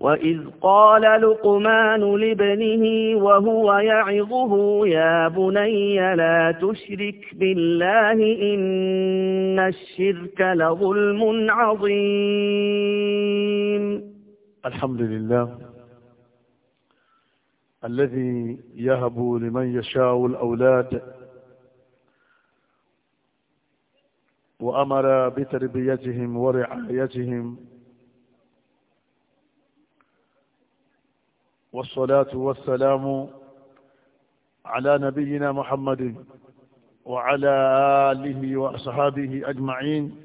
وإذ قال لقمان لابنه وهو يعظه يا بني لا تشرك بالله إن الشرك لظلم عظيم الحمد لله الذي يهب لمن يشاء الأولاد وأمر بتربيتهم ورعايتهم والصلاة والسلام على نبينا محمد وعلى آله وأصحابه أجمعين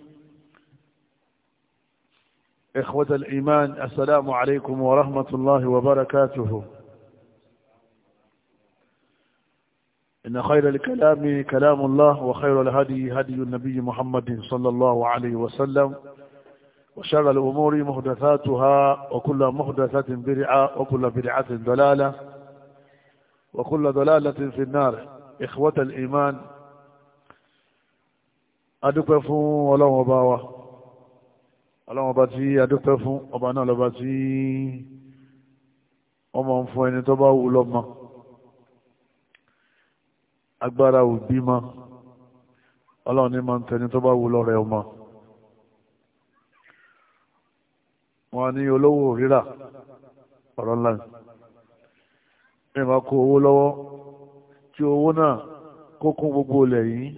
إخوة الإيمان السلام عليكم ورحمة الله وبركاته إن خير الكلام كلام الله وخير الهدي هدي النبي محمد صلى الله عليه وسلم وشر الأمور محدثاتها وكل محدثة برعة وكل برعة ضلالة وكل ضلالة في النار إخوة الإيمان adúpẹ́ fún ọlọ́run ọba wa ọlọ́run ọba tí adúpẹ́ fún ọba náà lọ́ba tí ọmọ ń fún ẹni tó bá wù lọ́mọ agbára òbí ma ọlọ́run ní máa ń tẹni tó bá wù lọ́rẹ̀ ọmọ. wọ́n ní olówó rírà ọ̀rọ̀ ńlá ẹ máa kó owó lọ́wọ́ tí owó náà kó kún gbogbo ilẹ̀ yìí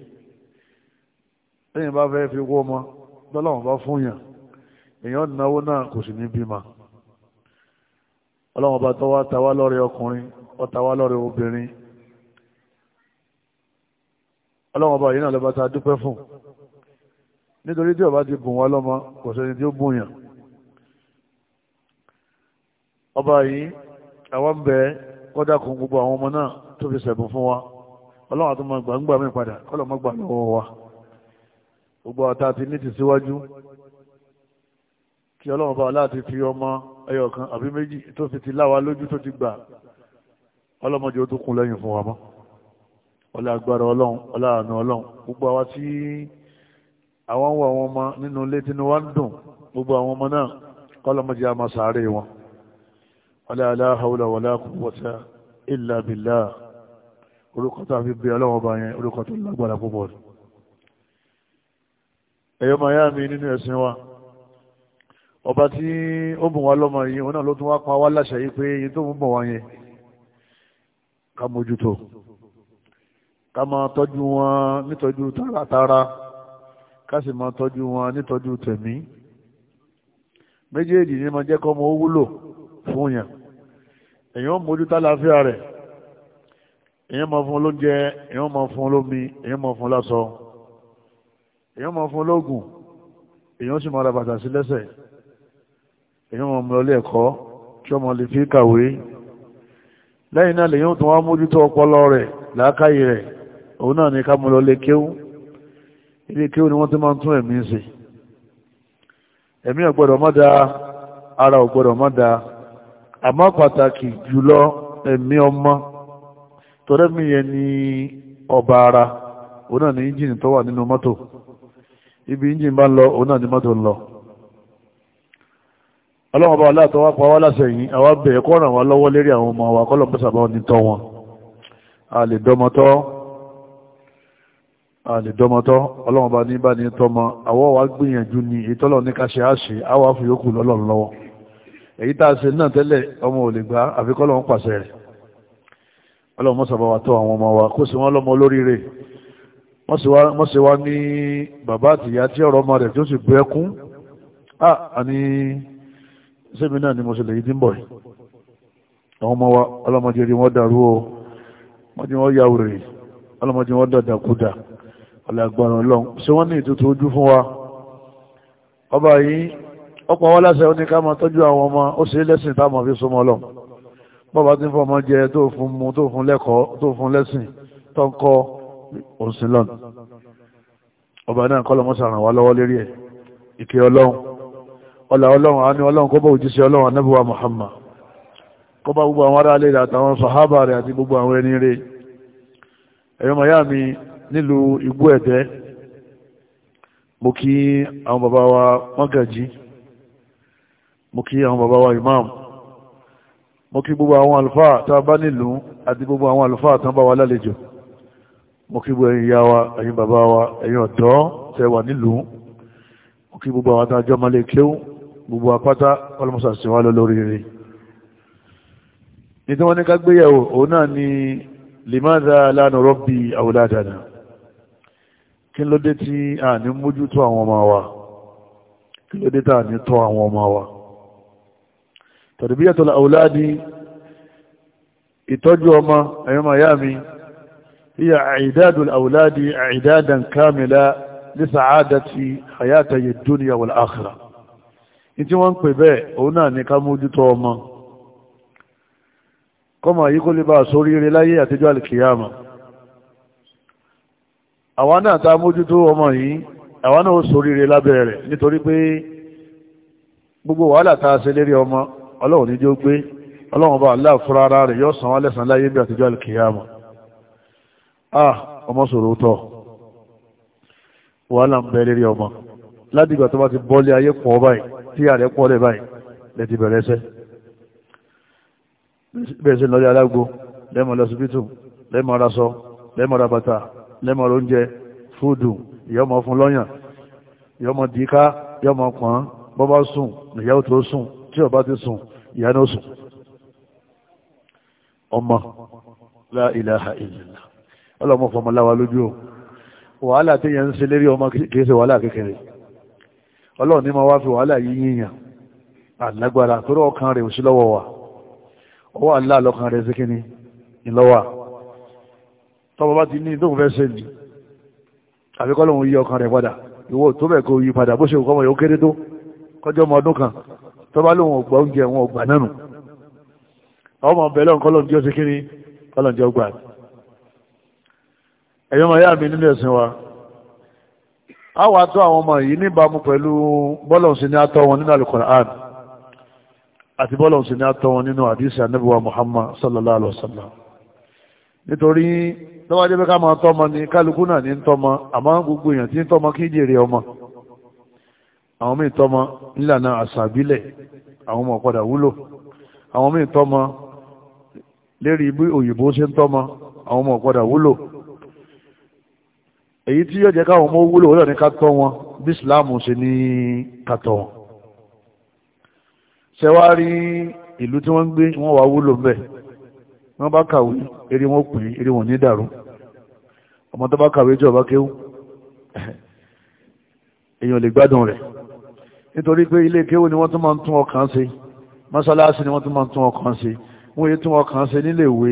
lẹ́yìn bá fẹ́ fi wọ́ ọmọ lọ́lọ́wọ́n bá fún yàn èèyàn náwó náà kò sì ní bímọ ọlọ́wọ́n bá tọ́wọ́ tawá lọ́rẹ̀ ọkùnrin ọ̀tawá lọ́rẹ̀ obìnrin ọlọ́wọ́n bá yìí náà lọ́ba tá a dúpẹ́ fún nítorí tí ọba ti bùn wá lọ́mọ kò sẹ́ni tí ó bùn yàn ọba yìí àwọn ń bẹ kọ́dá kun gbogbo àwọn ọmọ náà tó fi ṣẹ̀bùn fún wa ọlọ́run àti ọmọ gbàǹgbà mi padà kọ́lọ̀ mọ́gbà lọ́wọ́ wa gbogbo ọ̀tá ti ní ti síwájú kí ọlọ́run bá láti fi ọmọ ẹyọ kan àbí méjì tó fi ti láwa lójú tó ti gbà ọlọ́mọdé ó tó kún lẹ́yìn fún wa mọ́ ọlá agbára ọlọ́run ọlá àánú ọlọ́run gbogbo àwa tí àwọn wọ àwọn ọmọ nínú ilé tínú wa ń dùn gbogbo àwọn ọmọ náà kọ́lọ́mọdé á máa sàárè wọn ولا لا حول ولا قوة إلا بالله orúkọ tó àfi bí ọlọ́wọ́ bá yẹn orúkọ tó lágbára púpọ̀ rẹ̀ ẹ̀yọ́ máa yá mi nínú ẹ̀sìn wa ọba tí ó bùn wá lọ́mọ yìí òun náà ló tún wá pa wá láṣẹ yìí pé yìí tó ń bọ̀ wá yẹn ká mójútó ká máa tọ́jú wọn nítọ́jú tààràtààrà ká sì máa tọ́jú wọn nítọ́jú tẹ̀mí méjèèjì ni máa jẹ́ kọ́ ọmọ ó wúlò fún yàn èyàn mójú tálàáfíà rẹ̀ èyàn máa fún lóúnjẹ èyàn máa fún lómi èyàn máa fún láṣọ èyàn máa fún lóògùn èyàn sì máa ra bàtà sí lẹ́sẹ̀ èyàn máa mú lọ ilé ẹ̀kọ́ tí ọmọ lè fi kàwé lẹ́yìn náà lèyàn tún wá mójútó ọpọlọ rẹ̀ làákàyè rẹ̀ òun náà ní ká mú lọ kéwú ilé kéwú ni wọ́n ti máa ń tún ẹ̀mí ṣe ẹ̀mí ò gbọ́dọ̀ má da ara ò gbọ́dọ̀ má da àmọ́ pàtàkì jùlọ ẹ̀mí ọmọ tọ́lẹ́mí yẹn ni ọba ara òun náà ni engine tó wà nínú mọ́tò ibi engine bá ń lọ òun náà ni mọ́tò ń lọ ọlọ́wọ́n bá aláàtọ̀ wá pa wá láṣẹ yìí àwa bẹ̀rẹ̀ kọ́ ràn wá lọ́wọ́ lérí àwọn ọmọ wa kọ́lọ̀ pẹ́sà bá ní tọ́ wọn a lè dọ́mọtọ́ a lè dọ́mọtọ́ ọlọ́wọ́n bá ní bá ní tọ́mọ àwọ́ wa gbìyànjú ni ìtọ́lọ̀ ní ká ṣe á ṣe á wá fi yókù lọ́lọ́run lọ́wọ́ èyí tá a ṣe náà tẹ́lẹ̀ ọmọ ò lè gbá àfi kọ́lọ́hún pàṣẹ rẹ̀ ọlọ́run mọ́sàbá wa tó àwọn ọmọ wa kó sì wọ́n lọ́mọ olóríire wọ́n sì wá ní bàbá àtìyá tí ọ̀rọ̀ ọmọ rẹ̀ tí ó sì bẹ́ kún à ní sẹ́mi náà ni mo sì lè dínbọ̀ àwọn ọmọ wa ọlọ́mọdé rí wọ́n dàrú o wọ́n wọ́n ya wèrè ọlọ́mọdé wọ́n dàdàkúdà ọ̀làgbọ̀n ọlọ́run ṣé wọ́n ní ìtútù ojú fún wa ọba yìí ọ̀pọ̀ wọn láṣẹ oníká máa tọ́jú àwọn ọmọ ó ṣe lẹ́sìn táwọn fi so mọ́ lọ bọ́ba tí ń fọ ọmọ jẹ tó fún mu tó fún lẹ́kọ̀ọ́ tó fún lẹ́sìn tó ń kọ́ òsìn lọ́nà ọba náà kọ́ lọ́mọ́ sàràn wá lọ́wọ́ lérí ẹ̀ ìkẹ́ ọlọ́run ọlà ọlọ́run àánú ọlọ́run kó bá òjíṣẹ́ ọlọ́run anábíwá Muhammad kó bá gbogbo àwọn aráalé rẹ̀ àtàwọn sàhábà rẹ̀ àti gbogbo àwọn ẹni rẹ̀ ẹ̀yọ́ màyá mi nílùú Igbó Ẹ̀tẹ́ mo kí àwọn bàbá wa mọ́gàjí mo kí àwọn bàbá wa imam mo kí gbogbo àwọn àlùfáà tá a bá nílùú àti gbogbo àwọn àlùfáà tán bá wa lálejò mo kí gbogbo ẹ̀yin ìyá wa ẹ̀yin bàbá wa ẹ̀yin ọ̀dọ́ tẹ́ wà nílùú mo kí gbogbo àwọn àtàjọ́ malẹ̀ kéwú gbogbo apáta ọlọ́mọsà sí wa lórí rẹ̀ ní tí wọ́n ní ká gbéyàwó òun náà ni limadha la nurabbi awladana kí ló dé tí a ní mójútó àwọn ọmọ wa kí ló dé tá a ní tọ́ àwọn ọmọ wa tarbiyatul awladi ìtọ́jú ọmọ ẹ̀yọ́mọ̀ ìyá mi hiya i'dadul awladi i'dadan kamila li sa'adati hayatayi dunya wal akhirah ìtí wọ́n ń pè bẹ́ẹ̀ òun náà ní ká mójútó ọmọ kọmọ yìí kó lè bá sórí eré láyé àtijọ́ alìkìyàmà àwa náà ta mójútó ọmọ yìí àwa náà ó lábẹ́ rẹ̀ nítorí pé gbogbo wàhálà ta ṣe lérí ọmọ ọlọ́run ní jó pé ọlọ́run bá aláà ara rẹ̀ yóò san wá láyé bí àtijọ́ alkiyama ah ọmọ sọ̀rọ̀ tọ́ wàhálà ń bẹ̀rẹ̀ rí ọmọ ládìgbà tó bá ti bọ́lé ayé pọ̀ báyìí tí ààrẹ pọ̀ lẹ̀ báyìí lẹ́ ti bẹ̀rẹ̀ ṣẹ́ bẹ́ẹ̀ sí lọ́lẹ́ alágbó lẹ́mọ̀ lọ́sibítù lẹ́mọ̀ raṣọ lẹ́mọ̀ rabata lẹ́mọ̀ tó sùn tí ọba ti sùn ìyá náà sùn ọmọ la ilaha illallah ọlọ́mọ fọmọláwa lójú o wàhálà tí yẹn ń ṣe lérí ọmọ kìí ṣe wàhálà kékeré ọlọ́run ní ma wá fi wàhálà yí yíyàn alágbára tó rọ́ọ̀kan rẹ̀ òsí lọ́wọ́ wa ọwọ́ àlá lọ́kan rẹ̀ síkíní ìlọ́wà tọ́bọ̀ bá ti ní tó fẹ́ ṣe ní àfikọ́lọ́run yí ọkàn rẹ̀ padà ìwọ tó bẹ̀ kó yí padà bó ṣe kọ́mọ yóò kéré tó kọjọ́ ọmọ ọdún kan tọ́ba lóun ọgbà oúnjẹ wọn ọgbà náà nù ọmọ ọbẹ̀ lọ́n kọ́lọ́n jọ́ sí kí ni kọ́lọ́n ẹ̀yọ́ máa yá mi nínú ẹ̀sìn wa a wà tó àwọn ọmọ yìí níbàámu pẹ̀lú bọ́lọ̀nsì ní atọ́ wọn nínú Al-Qur'an àti bọ́lọ̀nsì ní atọ́ wọn nínú àdìsí anábíwá Muhammad sallallahu alaihi wa sallam nítorí lọ́wọ́dé bẹ́ká máa tọ́mọ ní kálukú náà ní tọ́mọ àmọ́ gbogbo àwọn míì tọ́mọ nílànà àṣàbílẹ̀ àwọn ọmọ padà wúlò àwọn míì tọ́mọ lérí bí òyìnbó ṣe ń tọ́mọ àwọn ọmọ padà wúlò èyí tí yóò jẹ́ káwọn ọmọ wúlò wúlò ní ká tọ́ wọn bí islam ṣe ní ká tọ́ wọn ṣe wá rí ìlú tí wọ́n ń gbé wọ́n wá wúlò ń bẹ̀ wọ́n bá kàwé eré wọn pè é eré wọn ní dàrú ọmọ tó bá kàwé jọba kéwú èèyàn lè gbádùn rẹ̀ nítorí pé ilé kéwò ni wọ́n tún máa ń tún ọkàn ṣe mọ́sálásí ni wọ́n tún máa ń tún ọkàn ṣe wọ́n yé tún ọkàn ṣe nílé ìwé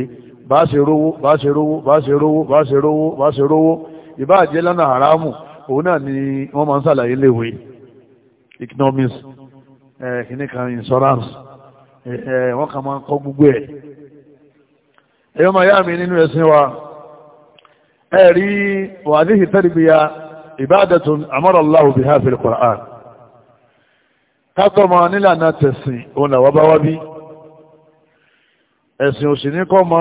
bá ṣe rówó bá ṣe rówó bá ṣe rówó bá ṣe rówó bá ṣe rówó ìbáàjẹ́ lọ́nà haramu òun kátọ́mọ nílànà tẹ̀sìn òun làwọn bá wá bí ẹ̀sìn òsì ní kọ́mọ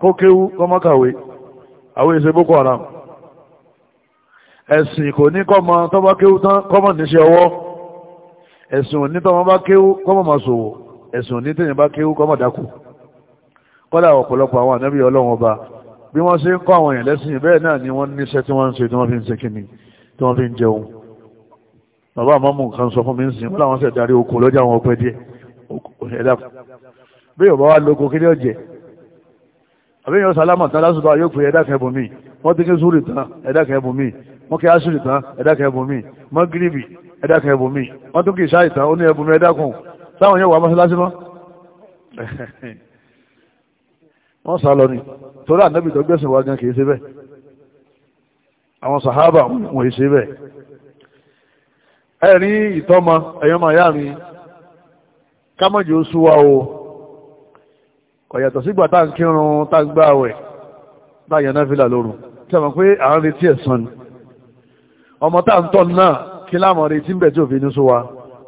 kókéwú kọ́mọ kàwé àwọn èsè boko haram ẹ̀sìn kò ní kọ́mọ tọ́ba kéwú tán kọ́mọ níṣẹ́ ọwọ́ ẹ̀sìn òní tọ́mọ bá kéwú kọ́mọ máa ṣòwò ẹ̀sìn òní tẹ̀yìn bá kéwú kọ́mọ dákú kọ́dà ọ̀pọ̀lọpọ̀ àwọn ànábì ọlọ́run ọba bí wọ́n ṣe ń kọ́ àwọn èèyàn lẹ́sìn bẹ́ẹ̀ náà ni wọ́n níṣẹ́ tí wọ́n ń ṣe tí wọ́n fi ń ṣe kíni tí wọ́n fi ń jẹun bàbá àmọ́mù kan sọ fún mi ń sìn wọ́n làwọn ṣẹ̀ darí oko lọ́jà wọn pẹ́ díẹ̀ ẹ̀dá bí yóò bá wá lóko kí ni ọ̀jẹ̀ àbẹ́yìn ọ̀sán alámọ̀tán lásùbà yóò pè ẹ̀dá kan ẹ̀bùn mi wọ́n ti kí súrì tán ẹ̀dá kan ẹ̀bùn mi wọ́n kí asùrì tán ẹ̀dá kan ẹ̀bùn mi wọ́n gírìbì ẹ̀dá kan ẹ̀bùn mi wọ́n tún kì í sáì tán ó ní ẹ̀bùn mi ẹ̀dá kan táwọn yóò wà mọ́sálásí mọ́ wọ́n sá lọ ni torí ànábì tó gbẹ̀sìn wa gan kì í ṣe bẹ́ẹ̀ àwọn sàhábà wọn kì ẹ̀rí ìtọ́mọ ẹ̀yọ́ máa yá mi kámọ́jì ó súwá o kò sígbà tá ń kírun tá ń gbá àwẹ̀ tá yẹn náà fìlà lóru tí a mọ̀ pé à ń retí ẹ̀san ni ọmọ tá ń tọ́ náà kí láàmọ̀ retí ń bẹ̀ tí òfin ní súwá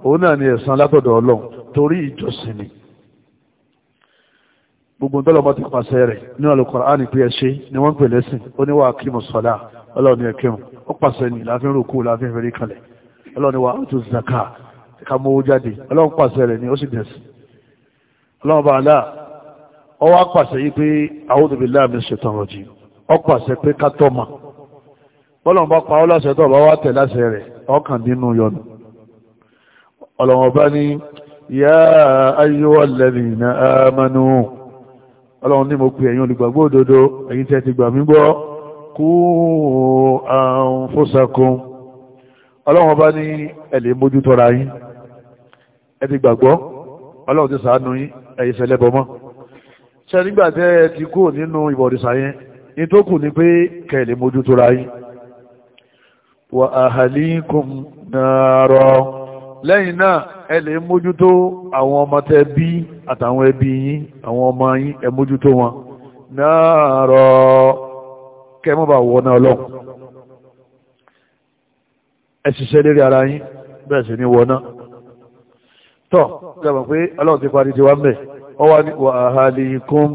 òun náà ni ẹ̀san látọ̀dọ̀ ọlọ́run torí ìjọsìn ni gbogbo ntọ́lọ́ ọmọ ti pàṣẹ rẹ̀ ní Al-Qur'ani pé ẹ ṣe ni wọ́n ń pè lẹ́sìn ó ní wàá kí mọ̀sálà ọlọ́run ni ẹ kírun ó pàṣẹ ní láàfin rúkú láàfin fẹ́rí kalẹ̀ ọlọ́run wa tó zaka ká mówó jáde ọlọ́run pàṣẹ rẹ̀ ni ó sì dẹ̀sí ọlọ́run bá aláà ọ wá pàṣẹ yí pé a'udhu billahi minash shaitanir rajim ọ pàṣẹ pé ká tọ́mà bọ́lọ̀n bá pa ọ́ láṣẹ tó bá wá tẹ̀ láṣẹ rẹ̀ ọkàn nínú yọnu ọlọ́run bá ní ya ayyuhal ladhina amanu ọlọ́run ní mo pè ẹ̀yin olùgbàgbọ́ òdodo ẹ̀yin tẹ́ ti gbà mí gbọ́ kú anfusakum ọlọ́run ọba ní ẹ̀lẹ́ mójútọ́ra yín ẹ ti gbàgbọ́ ọlọ́run ti sàánú yín ẹ̀yìn sẹlẹ́bọ mọ́ ṣe nígbà tẹ́ ẹ ti kúrò nínú ìbọ̀rìṣà yẹn ní tó kù ni pé kẹ̀lẹ́ mójútọ́ra yín wà àhàlíkùn nàárọ̀ lẹ́yìn náà ẹ lè mójútó àwọn ọmọ tẹ́ bí àtàwọn ẹbí yín àwọn ọmọ yín ẹ mójútó wọn nàárọ̀ kẹ́ mọ́ bá wọ́n náà ọlọ́run ẹ ṣiṣẹ́ lérí ara yín bẹ́ẹ̀ sì ni wọná tọ́ jẹ́mọ̀ pé ọlọ́run ti parí ti wá mẹ́ ọ wá ní wà ahalikum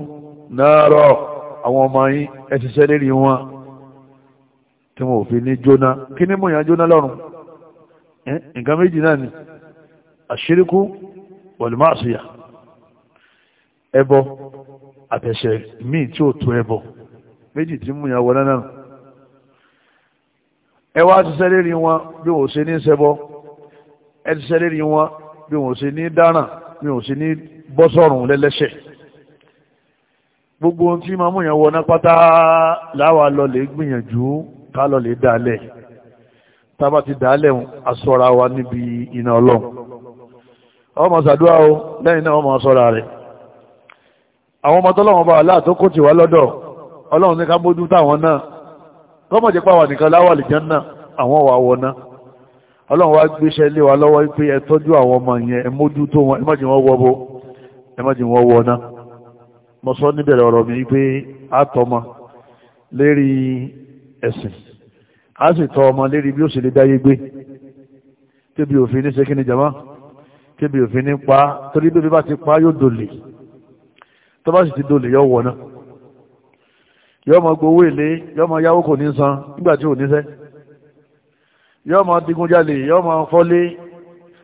náàrọ̀ àwọn ọmọ yín ẹ ṣiṣẹ́ lérí wọn tí wọn ò fi ní jóná kí ni mòyàn jóná lọ́rùn nǹkan méjì náà ni àṣíríkú wọ̀lùmáàṣìyà ẹbọ àtẹ̀ṣẹ̀ míì tí ò tó ẹbọ méjì tí mòyàn wọná náà ẹ wá ti sẹ́lẹ̀ rí wọn bí wọ́n ṣe ní ṣẹbọ ẹ ti sẹ́lẹ̀ rí wọn bí wọ́n ṣe ní dáràn bí wọ́n ṣe ní bọ́sọ̀rùn lẹ́lẹ́ṣẹ̀ gbogbo ohun tí máa yẹn wọ pátá láwa lọ gbìyànjú ká lọ lè dálẹ̀ ti dálẹ̀ aṣọra wa níbi iná ọlọ́run ọmọ ṣàdúrà o lẹ́yìn náà ọmọ ṣọ́ra rẹ̀ àwọn ọmọ tọ́lọ́wọ́n bá aláàtókò tì wá lọ́dọ̀ ọlọ́run ní ká bójú táwọn náà kọ́mọ̀ jẹ́ pàwọ̀ nìkan láwọ̀ àlìjánná àwọn wà wọ̀ná ọlọ́run wá gbéṣẹ́ lé wa lọ́wọ́ pé ẹ tọ́jú àwọn ọmọ yẹn ẹ mójú tó wọn ẹ má jẹ́ wọ́n wọ́ bó ẹ má jẹ́ wọ́n wọ́ná mo sọ níbẹ̀rẹ̀ ọ̀rọ̀ mi pé a tọmọ lérí ẹ̀sìn a sì tọ ọmọ lérí bí ó sì lè dáyé gbé tẹ́bi òfin ní sẹ́kínì jama tẹ́bi òfin ní pa torí bí bá ti pa yóò dòlè tó bá sì ti dòlè yóò wọ̀ náà yọ́ mọ gbowó èlé yọ́ mọ yáwó kò ní san nígbà tí ò níṣẹ́ yọ́ mọ digunjalè yọ́ mọ fọ́lé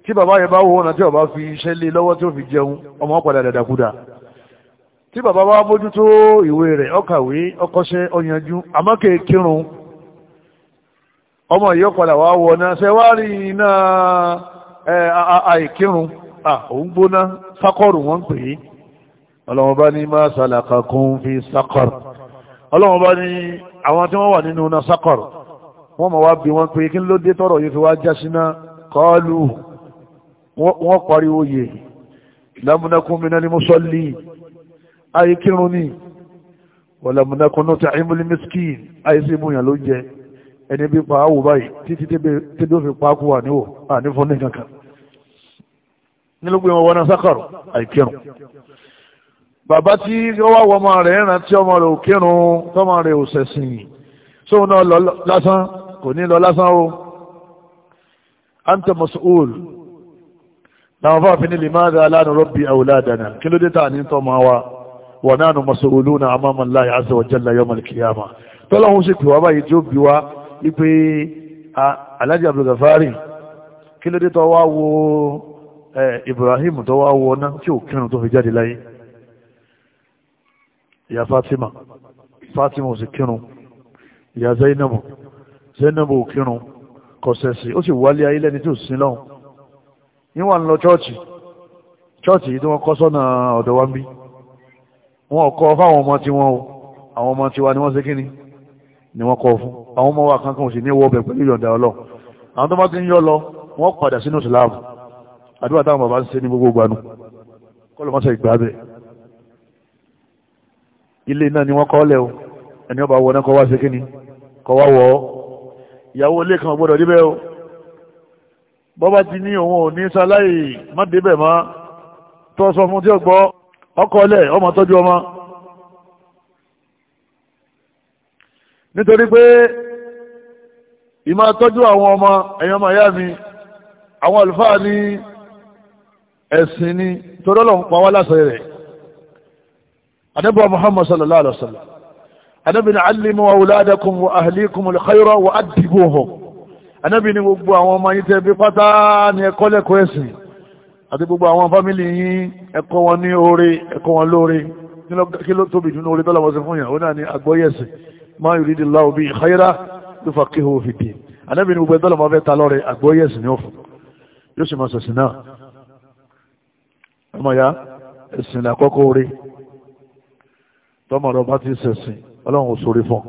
tí bàbá yẹn bá wo ọ̀nà tí ọba fi iṣẹ́ lé lọ́wọ́ tí ó fi jẹun ọmọ padà dàdàkúdà tí bàbá wa mójútó ìwé rẹ̀ ọkàwé ọkọ́ṣẹ́ ọyanjú àmọ́ kéèkérun ọmọ yìí padà wá wọ náà ṣe wá rí iná àìkírun òun gbóná sákọ̀rù wọ́n pè é ọlọ́mọba ní má sàlàkà kún fi sákọ̀rù ọlọ́run bá ní àwọn tí wọ́n wà nínú na sákọ̀rọ̀ wọ́n mọ̀ wá bí wọ́n pé kí ló dé tọ́rọ̀ yìí fi wá já síná kọlu wọ́n pariwo yè lámúnákún mi náà ni mo sọ́lì ayé kírun ní wọ́n lámúnákún náà tẹ àìmúlí miskin ayé sí ìmúyàn ló jẹ ẹni bí pa áwò bàbá tí ó wá wọmọ rẹ̀ ẹ̀ràn tí ọmọ rẹ̀ ò kírun tọmọ rẹ̀ ò ṣẹ̀sìn sóun náà lọ lásán kò ní lọ lásán o anta mas'ul làwọn fáfin ní limadha la nurabbi awladana kí ló dé tà ní tọ́mọ wa wa nahnu mas'uluna amama Allahi azza wa jalla yawm al-qiyamah tọ́lọ́hún sì pè wá báyìí tí ó bí wá wípé alájì abdulgafari kí ló dé tọ́ wá wo eh, Ibrahim tó wá wo ná tí ò kírun tó fi jáde láyé ìyá Fatima Fatima ò sì kírun ìyá Zainabu Zainabu ò kírun kọsẹ̀sì ó sì wálé ayé lẹ́ni tí ò sí lọ́hùn níwà ń lọ chọ́ọ̀chì chọ́ọ̀chì yìí tí wọ́n kọ́ sọ́nà ọ̀dọ̀ wa ń bí wọn ò kọ́ fáwọn ọmọ tí wọn o àwọn ọmọ tiwa ni wọ́n ṣe kíni ni wọ́n kọ́ fún àwọn ọmọ wa kankan ò sì ní wọ́ ọbẹ̀ pẹ̀lú ìyọ̀ǹda ọlọ́ àwọn tó bá ti ń yọ lọ wọ́n padà sínú ìsìláàmù àdúrà táwọn bàbá ń ṣe ní gbogbo gbanú kọ́lọ̀ ìgbà bẹ́ẹ̀ ilé náà ni wọ́n kọ́ lẹ̀ o ẹni ọba wọ náà kọ́ wá ṣe kí ni kọ́ wá wọ̀ ọ́ ìyàwó ilé kan gbọ́dọ̀ débẹ̀ o bọ́bá ti ní òun ò ní sáláì má débẹ̀ má tó sọ fún tí ó gbọ́ ọkọ lẹ̀ ọmọ tọ́jú ọmọ nítorí pé ìmá tọ́jú àwọn ọmọ ẹ̀yàn ọmọ ìyá mi àwọn àlùfáà ní ẹ̀sìn ni torí ọlọ́run pa wá láṣẹ rẹ̀ anabi wa muhammad sallallahu alaihi wasallam anabi ni alimu awuladakum wa ahlikum alkhayra wa adibuhum anabi ni gbogbo àwọn ọmọ yín tẹ́ bí pátá ni ẹ̀kọ́ lẹ́kọ̀ọ́ ẹ̀sìn àti gbogbo àwọn fámìlì yín ẹ̀kọ́ wọn ní oore ẹ̀kọ́ wọn lóore kí ló tóbi jù ní oore tọ́lọ́wọ́ sí fún yàn ó náà ni àgbọ́yẹ̀sìn ma yuridillahu bihi khayra yufaqihuhu fi ddin anabi ni gbogbo ẹ̀ tọ́lọ́wọ́ fẹ́ ta lọ́rẹ̀ àgbọ́yẹ̀sìn ni ó fún yóò sì máa sẹ̀sìn náà ọmọ ya ẹ̀sìn àkọ́kọ́ oore tọ́mọ̀ rẹ̀ bá ti sẹ̀sìn ọlọ́run òṣòrí fún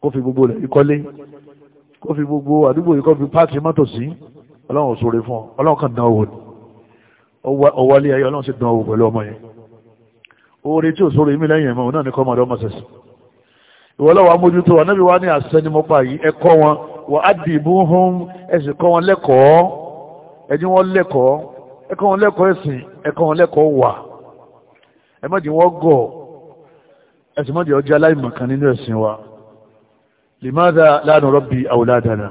kó fi gbogbo rẹ̀ ìkọ́lé kó fi gbogbo àdúgbò yìí kó fi páàtì mọ́tò sí ọlọ́run òṣòrí fún ọlọ́run kan dánwò ni ọwọ́lé ayé ọlọ́run sì dánwò pẹ̀lú ọmọ yẹn oore tí òṣòro yìí mi lẹ́yìn ẹ̀mọ́ náà wa ní àṣẹ ni mo pa yìí ẹ kọ́ wọn wà á dì bú hún ẹ wọn lẹ́kọ̀ọ́ ẹ̀sìn ẹ wọn lẹ́kọ̀ọ́ wà ẹ gọ̀ọ́ ẹ̀sìn mọ́dé ọjọ́ aláìmọ̀kan nínú ẹ̀sìn wa lèmọ́dá láàrín rọ́bì àwòládàna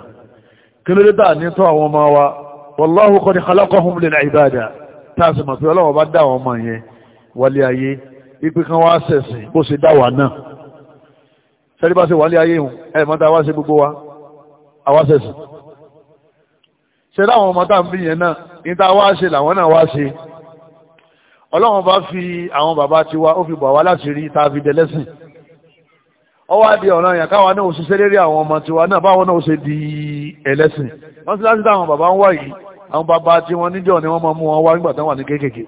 kí ló dé bá ní tọ́ àwọn ọmọ wa wallahu qad khalaqahum lil ibada táàsì mọ̀ pé ọlọ́wọ́ bá dá àwọn ọmọ yẹn wálé ayé ipe kan wá sẹ̀sìn bó ṣe dá ọlọ́run bá fi àwọn bàbá ti wá ó fi bọ̀ wá láti rí ta fi dẹlẹ́sìn ọwọ́ àdì ọ̀ràn yẹn káwa náà ṣiṣẹ́ lérí àwọn ọmọ tiwa náà báwọn náà ṣe di ẹlẹ́sìn wọ́n ti láti táwọn bàbá ń wá yìí àwọn bàbá tí wọ́n níjọ́ ni wọ́n máa mú wọn wá nígbà táwọn ní kéékèèké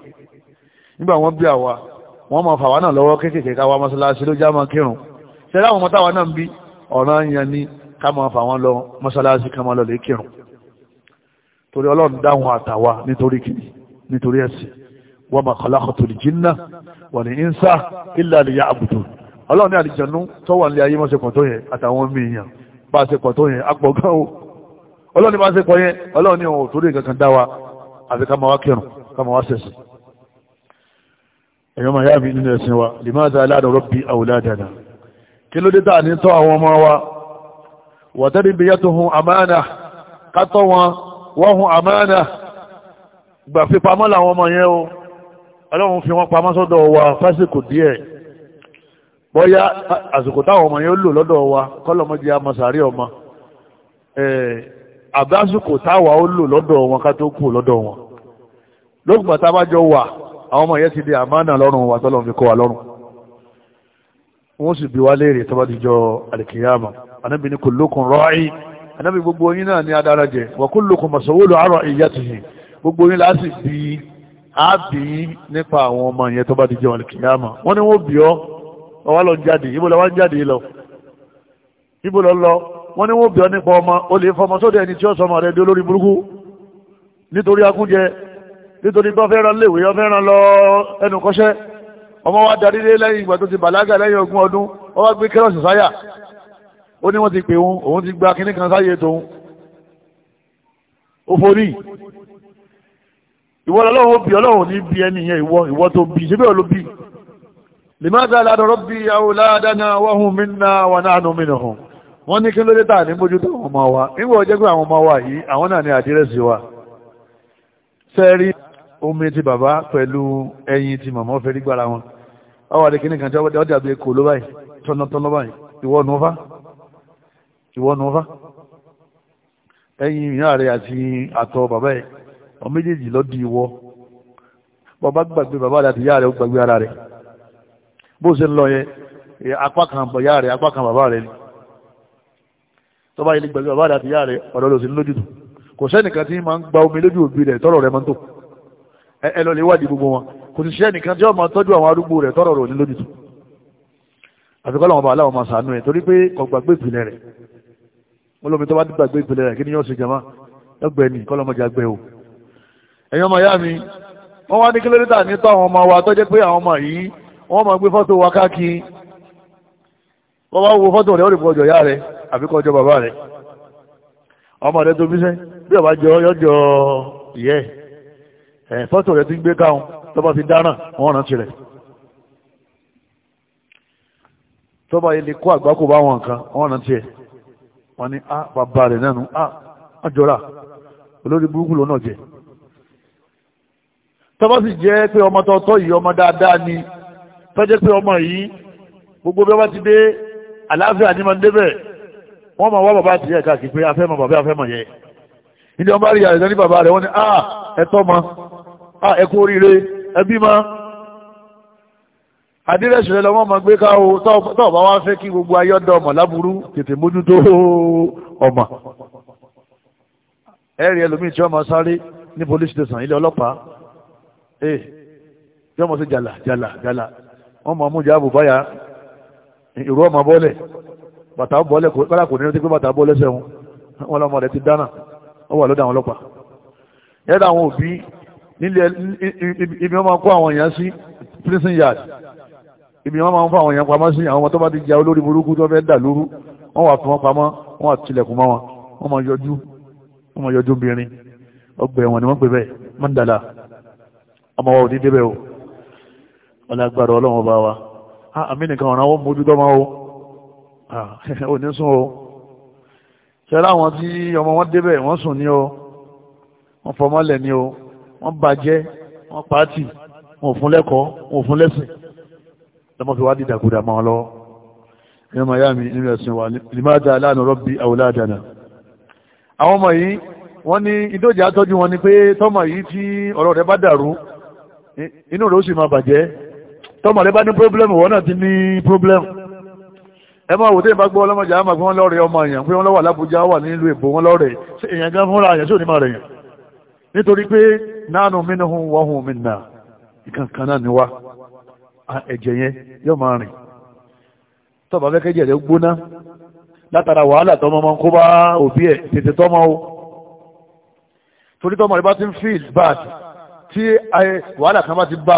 nígbà wọ́n bí àwa wọ́n máa fà náà lọ́wọ́ kéékèèké káwa mọ́ṣáláṣí ló já máa kírun ṣe láwọn ọmọ táwa náà ń bí ọ̀ràn yẹn ni ká máa fà wọ́n lọ mọ́ṣáláṣí ká máa lọ lè kírun torí ọlọ́run dáhùn àtàwa nítorí kìnnì nítorí ẹ̀sìn wa ma khalaqtul jinna wal insa illa liya'budun ọlọ́run ní àlìjẹ̀nú tó wà nílé ayé mọ́ ṣe pọ̀ tó yẹn àtàwọn mí èèyàn bá ṣe pọ̀ tó yẹn apọ̀ gan o ọlọ́run ní bá ṣe pọ̀ yẹn ọlọ́run ní ọ̀hún torí nǹkan kan dá wa àfi ká máa wá kírun ká máa wá ṣẹ̀sìn ẹ̀yọ́ máa yá mi nínú ẹ̀sìn wa limaza la nurabbi awladana kí ló dé táà ní tọ́ àwọn ọmọ wa wa tarbiyatuhum amana ká tọ́ wọn wọ́n hun amana gbà fipamọ́ làwọn ọmọ yẹn o ọlọ́run fi wọ́n pamọ́ sọ́dọ̀ wa fásitì díẹ̀ bọ́yá àsìkò táwọn ọmọ yẹn lò lọ́dọ̀ wa kọ́lọ́mọdé amasàrí ọmọ àbásìkò táwa ó lò lọ́dọ̀ wọn ká tó kù lọ́dọ̀ wọn lókùnbà tá a bá jọ wà àwọn ọmọ yẹn ti di àmánà lọ́rùn wa tọ́lọ́run fi kọ́ wa lọ́rùn wọ́n sì bi wá léèrè tó bá ti jọ àlìkìyàmà anábì ní kullukum ra'i anábì gbogbo yín náà ní adára jẹ wa kullukum mas'ulun 'an ra'iyyatihi gbogbo yín láti bíi á bí nípa àwọn ọmọ yẹn tó bá di jẹun àlìkìyàmà wọ́n ní wọ́n bí ọ́ ọwá lọ jáde ibo lọ wá ń jáde lọ ibo lọ lọ wọ́n ní wọ́n bí ọ́ nípa ọmọ o lè fọmọ sódò ẹni tí ó sọmọ rẹ̀ di olórí burúkú nítorí akúnjẹ nítorí bọ́ fẹ́ràn léwé ọ fẹ́ràn lọ ẹnu kọ́ṣẹ́ ọmọ wa darí lé lẹ́yìn ìgbà tó ti bàlágà lẹ́yìn ogún ọdún ọ wá gbé kẹ́rọ̀sì sáyà ó ní wọ́n ti pè òun òun ti gba kinní kan sáyé tòun ó ìwọ lọ́wọ́ bí ọlọ́wọ́ ní bí ẹni yẹn ìwọ ìwọ tó bí ṣe bí ọ ló bí lèmọ́dá ládọ̀rọ̀ bí àwòládánà wọ́hùn mínà wà náà nù mínà hùn wọ́n ní kí ló dé tàà ní mójútó àwọn ọmọ wa níwọ̀ jẹ́ pé àwọn ọmọ wa yìí àwọn náà ní àdírẹ́sì wa sẹ́rí omi ti bàbá pẹ̀lú ẹyin ti màmá fẹ́ rí gbára wọn ọwọ́ adé kìíní kan tí wọ́n dàbí kò ló báyìí tọ́nà ọmọ méjèèjì lọ di ìwọ bàbá gbàgbé bàbá rẹ̀ àti ìyá rẹ̀ ó gbàgbé ara rẹ̀ bó ṣe ń lọ yẹn apá kan ìyá rẹ̀ apá kan bàbá rẹ̀ ni tó bá yẹ gbàgbé bàbá rẹ̀ àti ìyá rẹ̀ ọ̀dọ́ lọ sí lójútùú kò sẹ́nìkan tí máa ń gba omi lójú òbí rẹ̀ tọ́rọ̀ rẹ̀ máa ń tò ẹ lọ lè wádìí gbogbo wọn kò sì sẹ́nìkan tí ó máa tọ́jú àwọn arúgbó ẹ̀yin ọmọ ìyá mi wọ́n wá ní kílódítà ní tọ́ àwọn ọmọ wa tó jẹ́ pé àwọn ọmọ yìí wọ́n máa gbé fọ́tò wa wọ́n wá wo fọ́tò rẹ̀ ó lè fọ ọjọ́ ìyá rẹ̀ àbí kọ́ ọjọ́ bàbá rẹ̀ ọmọ rẹ̀ tó bí sẹ́ bí ọba jọ yọjọ ìyẹ́ ẹ̀ fọ́tò rẹ̀ ti gbé káwọn tó bá fi dáná wọ́n rántí rẹ̀ tó bá yẹ lè kó àgbákò bá wọn kan ah, bàbá rẹ̀ ah, olórí burúkú tọ́bọ́ sì jẹ́ pé ọmọ tọ́tọ́ yìí ọmọ dáadáa ni tọ́jẹ́ pé ọmọ yìí gbogbo bí wọ́n ti dé àlàáfíà ní máa débẹ̀ wọ́n máa wá bàbá àtìyẹ káàkiri pé afẹ́ mọ̀ bàbá afẹ́ mọ̀ yẹ ilé ọmọ àríyá ìdáni bàbá rẹ̀ wọ́n ní a ah, ẹ̀tọ́ ma a ah, ẹ̀kú oríire ẹbí ma àdírẹ́sì rẹ̀ lọ́wọ́ máa gbé ká o tọ́ọ̀ wá fẹ́ kí gbogbo ayé ọ̀dọ́ ọmọ láburú tètè mójútó ọmọ ẹ̀rí ẹlòmíì tí wọ́n máa sáré ní police station ilé ọlọ́pàá ee eh, yọ mọ̀ sí jàlà jàlà jàlà wọ́n mọ̀ mú jáàbù báyà ìró ọmọ bọ́lẹ̀ bàtà bọ́lẹ̀ kọ́lá kò ní rántí pé bàtà bọ́lẹ̀ sẹ́wọ̀n wọn lọ́mọ rẹ̀ ti dáná ó wà lọ́dọ̀ àwọn ọlọ́pàá ẹ̀rọ àwọn òbí nílẹ̀ ibi wọn máa kó àwọn èèyàn sí prison yard ibi wọn máa ń fún àwọn èèyàn pamọ́ sí àwọn ọmọ tó bá ti jẹ olórí burúkú tó fẹ́ dà lóru wọ́n wà fún wọn pamọ́ wọ́n wà tilẹ̀kùn mọ́ wọn wọ́n máa yọjú wọ́n máa yọjú obìnrin ọgbà ẹ̀wọ̀n ni wọ́n pè bẹ́ẹ̀ mọ́ndàlá ọmọ wa ò ní débẹ̀ o ọlágbàrọ̀ ọlọ́run bá wa ah, àmì nìkan ọ̀ràn ó mójú tọ́mọ o ah, ò ní sùn o ṣẹlá àwọn tí ọmọ wọn débẹ̀ wọ́n sùn ní o wọ́n fọmọ́lẹ̀ ní o wọ́n bàjẹ́ wọ́n pàátì wọ́n fún lẹ́kọ̀ọ́ wọ́n fún lẹ́sìn lọ́mọ fi wá dìdàkudà mọ́ ọ lọ́wọ́ ní ọmọ yámi nínú ẹ̀sìn wà lèmádà aláàánú rọ́bí àwòládànà àwọn ọmọ yìí wọ́n ní ìdójà tọ́jú wọn ni pé tọ́mọ yìí tí ọ̀rọ̀ rẹ̀ bá dàrú inú rẹ̀ ó sì máa bàjẹ́ tọ́mọ̀ rẹ̀ bá ní pírọ́blẹ́mù wọ́n náà ti ní pírọ́blẹ́mù ẹ máa wò tí ìbá gbọ́ ọlọ́mọdé àmà pé wọ́n lọ́ọ̀rẹ́ ọmọ èèyàn pé wọ́n lọ́wọ́ alábùjá wà nílùú èbó wọ́n lọ́ọ̀rẹ́ èèyàn gan fúnra èèyàn tí ò ní máa rẹ̀ yàn nítorí pé nánú mínúhun wọ́hun mínà ìkankan náà ni wá ẹ̀jẹ̀ yẹn yóò máa rìn tọ́ba fẹ́kẹ́jẹ̀ rẹ̀ gbóná látara wàhálà tọ́mọ ọmọ kó bá òbí ẹ̀ tètè tọ́mọ o torí tọ́mọ rẹ̀ bá ti ń feel bad tí wàhálà kan bá ti bá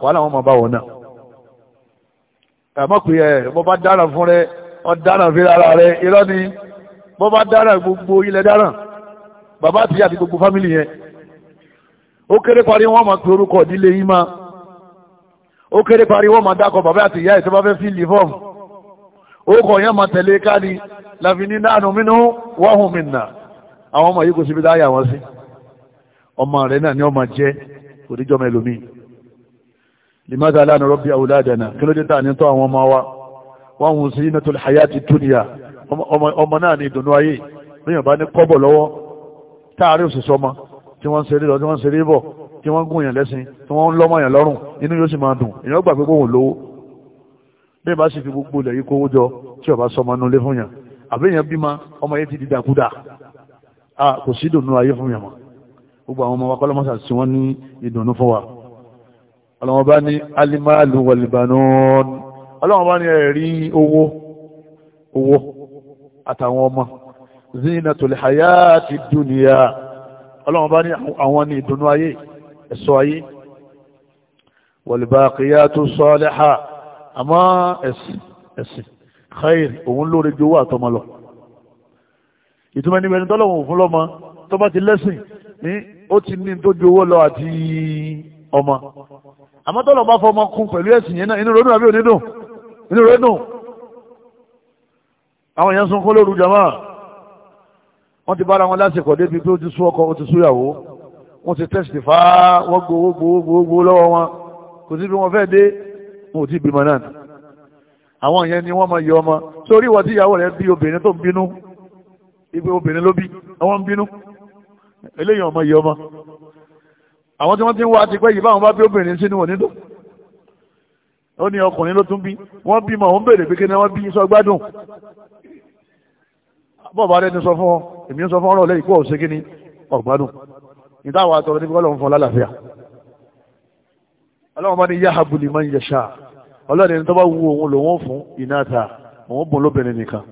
wàhálà wọn máa bá wọn náà àmọ́ pé ẹ bọ́ bá dára fún rẹ ọ dára fi ara rẹ irọ́ ni bọ́ bá dára gbogbo ilẹ̀ dára bàbá àti àti gbogbo fámìlì yẹn ó kéré parí wọn máa pe orúkọ ìdílé yín máa ó kéré parí wọn máa dákọ bàbá àti ìyá ẹ̀ tó bá fẹ́ fi lè fọ́ọ̀mù ó yẹn máa tẹ̀lé káàdì láfi ní náà nùmínú wọ́n nà àwọn ọmọ yìí kò síbi dáyà wọn sí ọmọ rẹ náà ni ọmọ jẹ́ kò ní jọmọ ẹlòmí limada aláàánú rọ́bí àwòládàna kí ló dé tà ní tọ́ àwọn ọmọ wa wọ́n hùn sí iná tó hayá ti túnìyà ọmọ náà ní ìdùnnú ayé lóyìn bá ní kọ́bọ̀ lọ́wọ́ táàrí òṣìṣẹ́ tí wọ́n ń ṣeré tí wọ́n ń ṣeré tí wọ́n gún yàn lẹ́sìn tí wọ́n ń lọ́mọ yàn lọ́rùn inú yóò sì máa dùn èèyàn gbà pé kóhùn lówó bí ẹ bá sì fi gbogbo ilẹ̀ yìí kówó jọ tí ọba sọmọ inú ilé fún yàn àbẹ́yàn bímọ ọmọ yẹn ti di dàkúdà kò sí dùnú ayé fún yàn mọ́ gbogbo àwọn ọmọ wa kọ́ lọ́mọ́sà sí wọ́n ní ìdùnnú fún wa ọlọ́wọ́n bá ní alimáàlú wọlìbànún ọlọ́wọ́n bá ní ẹ̀rí owó owó àtàwọn ọmọ zinatul hayati dunya ọlọ́wọ́n bá ní àwọn ní ìdùnnú ayé ẹ̀sọ́ ayé wọlìbàkìyàtú sọ́ọ́lẹ́hà àmọ́ ẹ̀sìn ẹ̀sìn khair òun lóore ju owó àtọmọ lọ ìtumọ̀ ẹni mẹ́rin fún lọ́mọ tó bá ti lẹ́sìn ní ó ti ní tó ju owó lọ àti ọmọ àmọ́ tó lọ́ọ́ bá fọ ọmọ kun pẹ̀lú ẹ̀sìn yẹn náà inú ròdùn àbí onídùn inú ròdùn àwọn èèyàn sunkún lóru jama wọ́n ti bára wọn lásìkò débi pé ti sú ọkọ ó ti sú ìyàwó wọ́n ti tẹ́sítì fá wọ́n gbowó gbowó gbowó lọ́wọ́ wọn kò sí bí wọ́n fẹ́ dé wọn ò tí ì bímọ náà àwọn yẹn ni wọ́n máa yọ ọmọ sórí ìwọ tí ìyàwó rẹ bí obìnrin tó ń bínú ibi obìnrin ló bí àwọn ń bínú eléyìí ọmọ yìí ọmọ àwọn tí wọ́n ti ń wá ti pẹ́ yìí báwọn bá bí obìnrin sínú wọn nílò ó ní ọkùnrin ló tún bí wọ́n bí mọ̀ ó ń bèrè pé kí ni wọ́n bí sọ gbádùn bọ́ọ̀bá rẹ̀ ti sọ fún ọ èmi ń sọ fún ọ̀rọ̀ lẹ́yìn pé ọ̀sẹ̀ kí ni ọ̀gbádùn ìtawà àtọ̀rọ̀ ní kọ́lọ̀ ń fọ lálàáfíà ọlọ́run bá ní yá abúlé máa ń yẹṣà ọlọ́run ẹni tó bá wù òun lòun fún ìnáta òun bùn lóbìnrin nìkan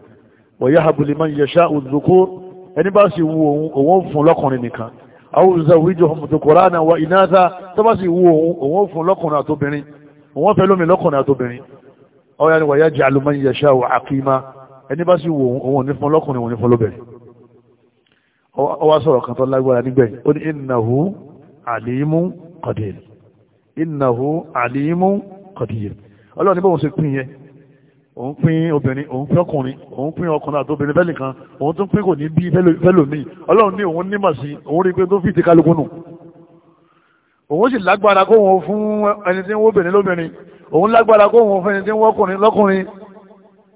wọ́n yá abúlé máa ń yẹṣà òdùkú ẹni bá sì wu òun òun fún lọ́kùnrin nìkan àwùjọ ìjọ mùtòkòrá náà wà ìnáta tó bá sì wu òun òun fún lọ́kùnrin àtobìnrin òun fẹ́ lómi lọ́kùnrin àtobìnrin ọ̀yà ni wàyájì alùmọ́ ìyẹ̀ṣà àkímá ẹni bá sì wu òun òun ní fún lọ́kùnrin òun ní fún lóbìnrin ọwá sọ̀rọ̀ kan tó lágbára nígbẹ̀yìn ó ní ìnáhù àlímú kọ̀dìyàn ìnáhù àlímú kọ̀dìyàn ọlọ́run ní òun pín obìnrin òun pín ọkùnrin òun pín ọkùnrin àti obìnrin bẹ́ẹ̀ nìkan òun tún pín kò ní bí fẹ́lòmíì ọlọ́run ní òun nímọ̀ sí òun rí pé tó fìdí kálukú nù òun sì lágbára kó wọn fún ẹni tí ń wóbìnrin lóbìnrin òun lágbára kó wọn fún ẹni tí ń wọ́kùnrin lọ́kùnrin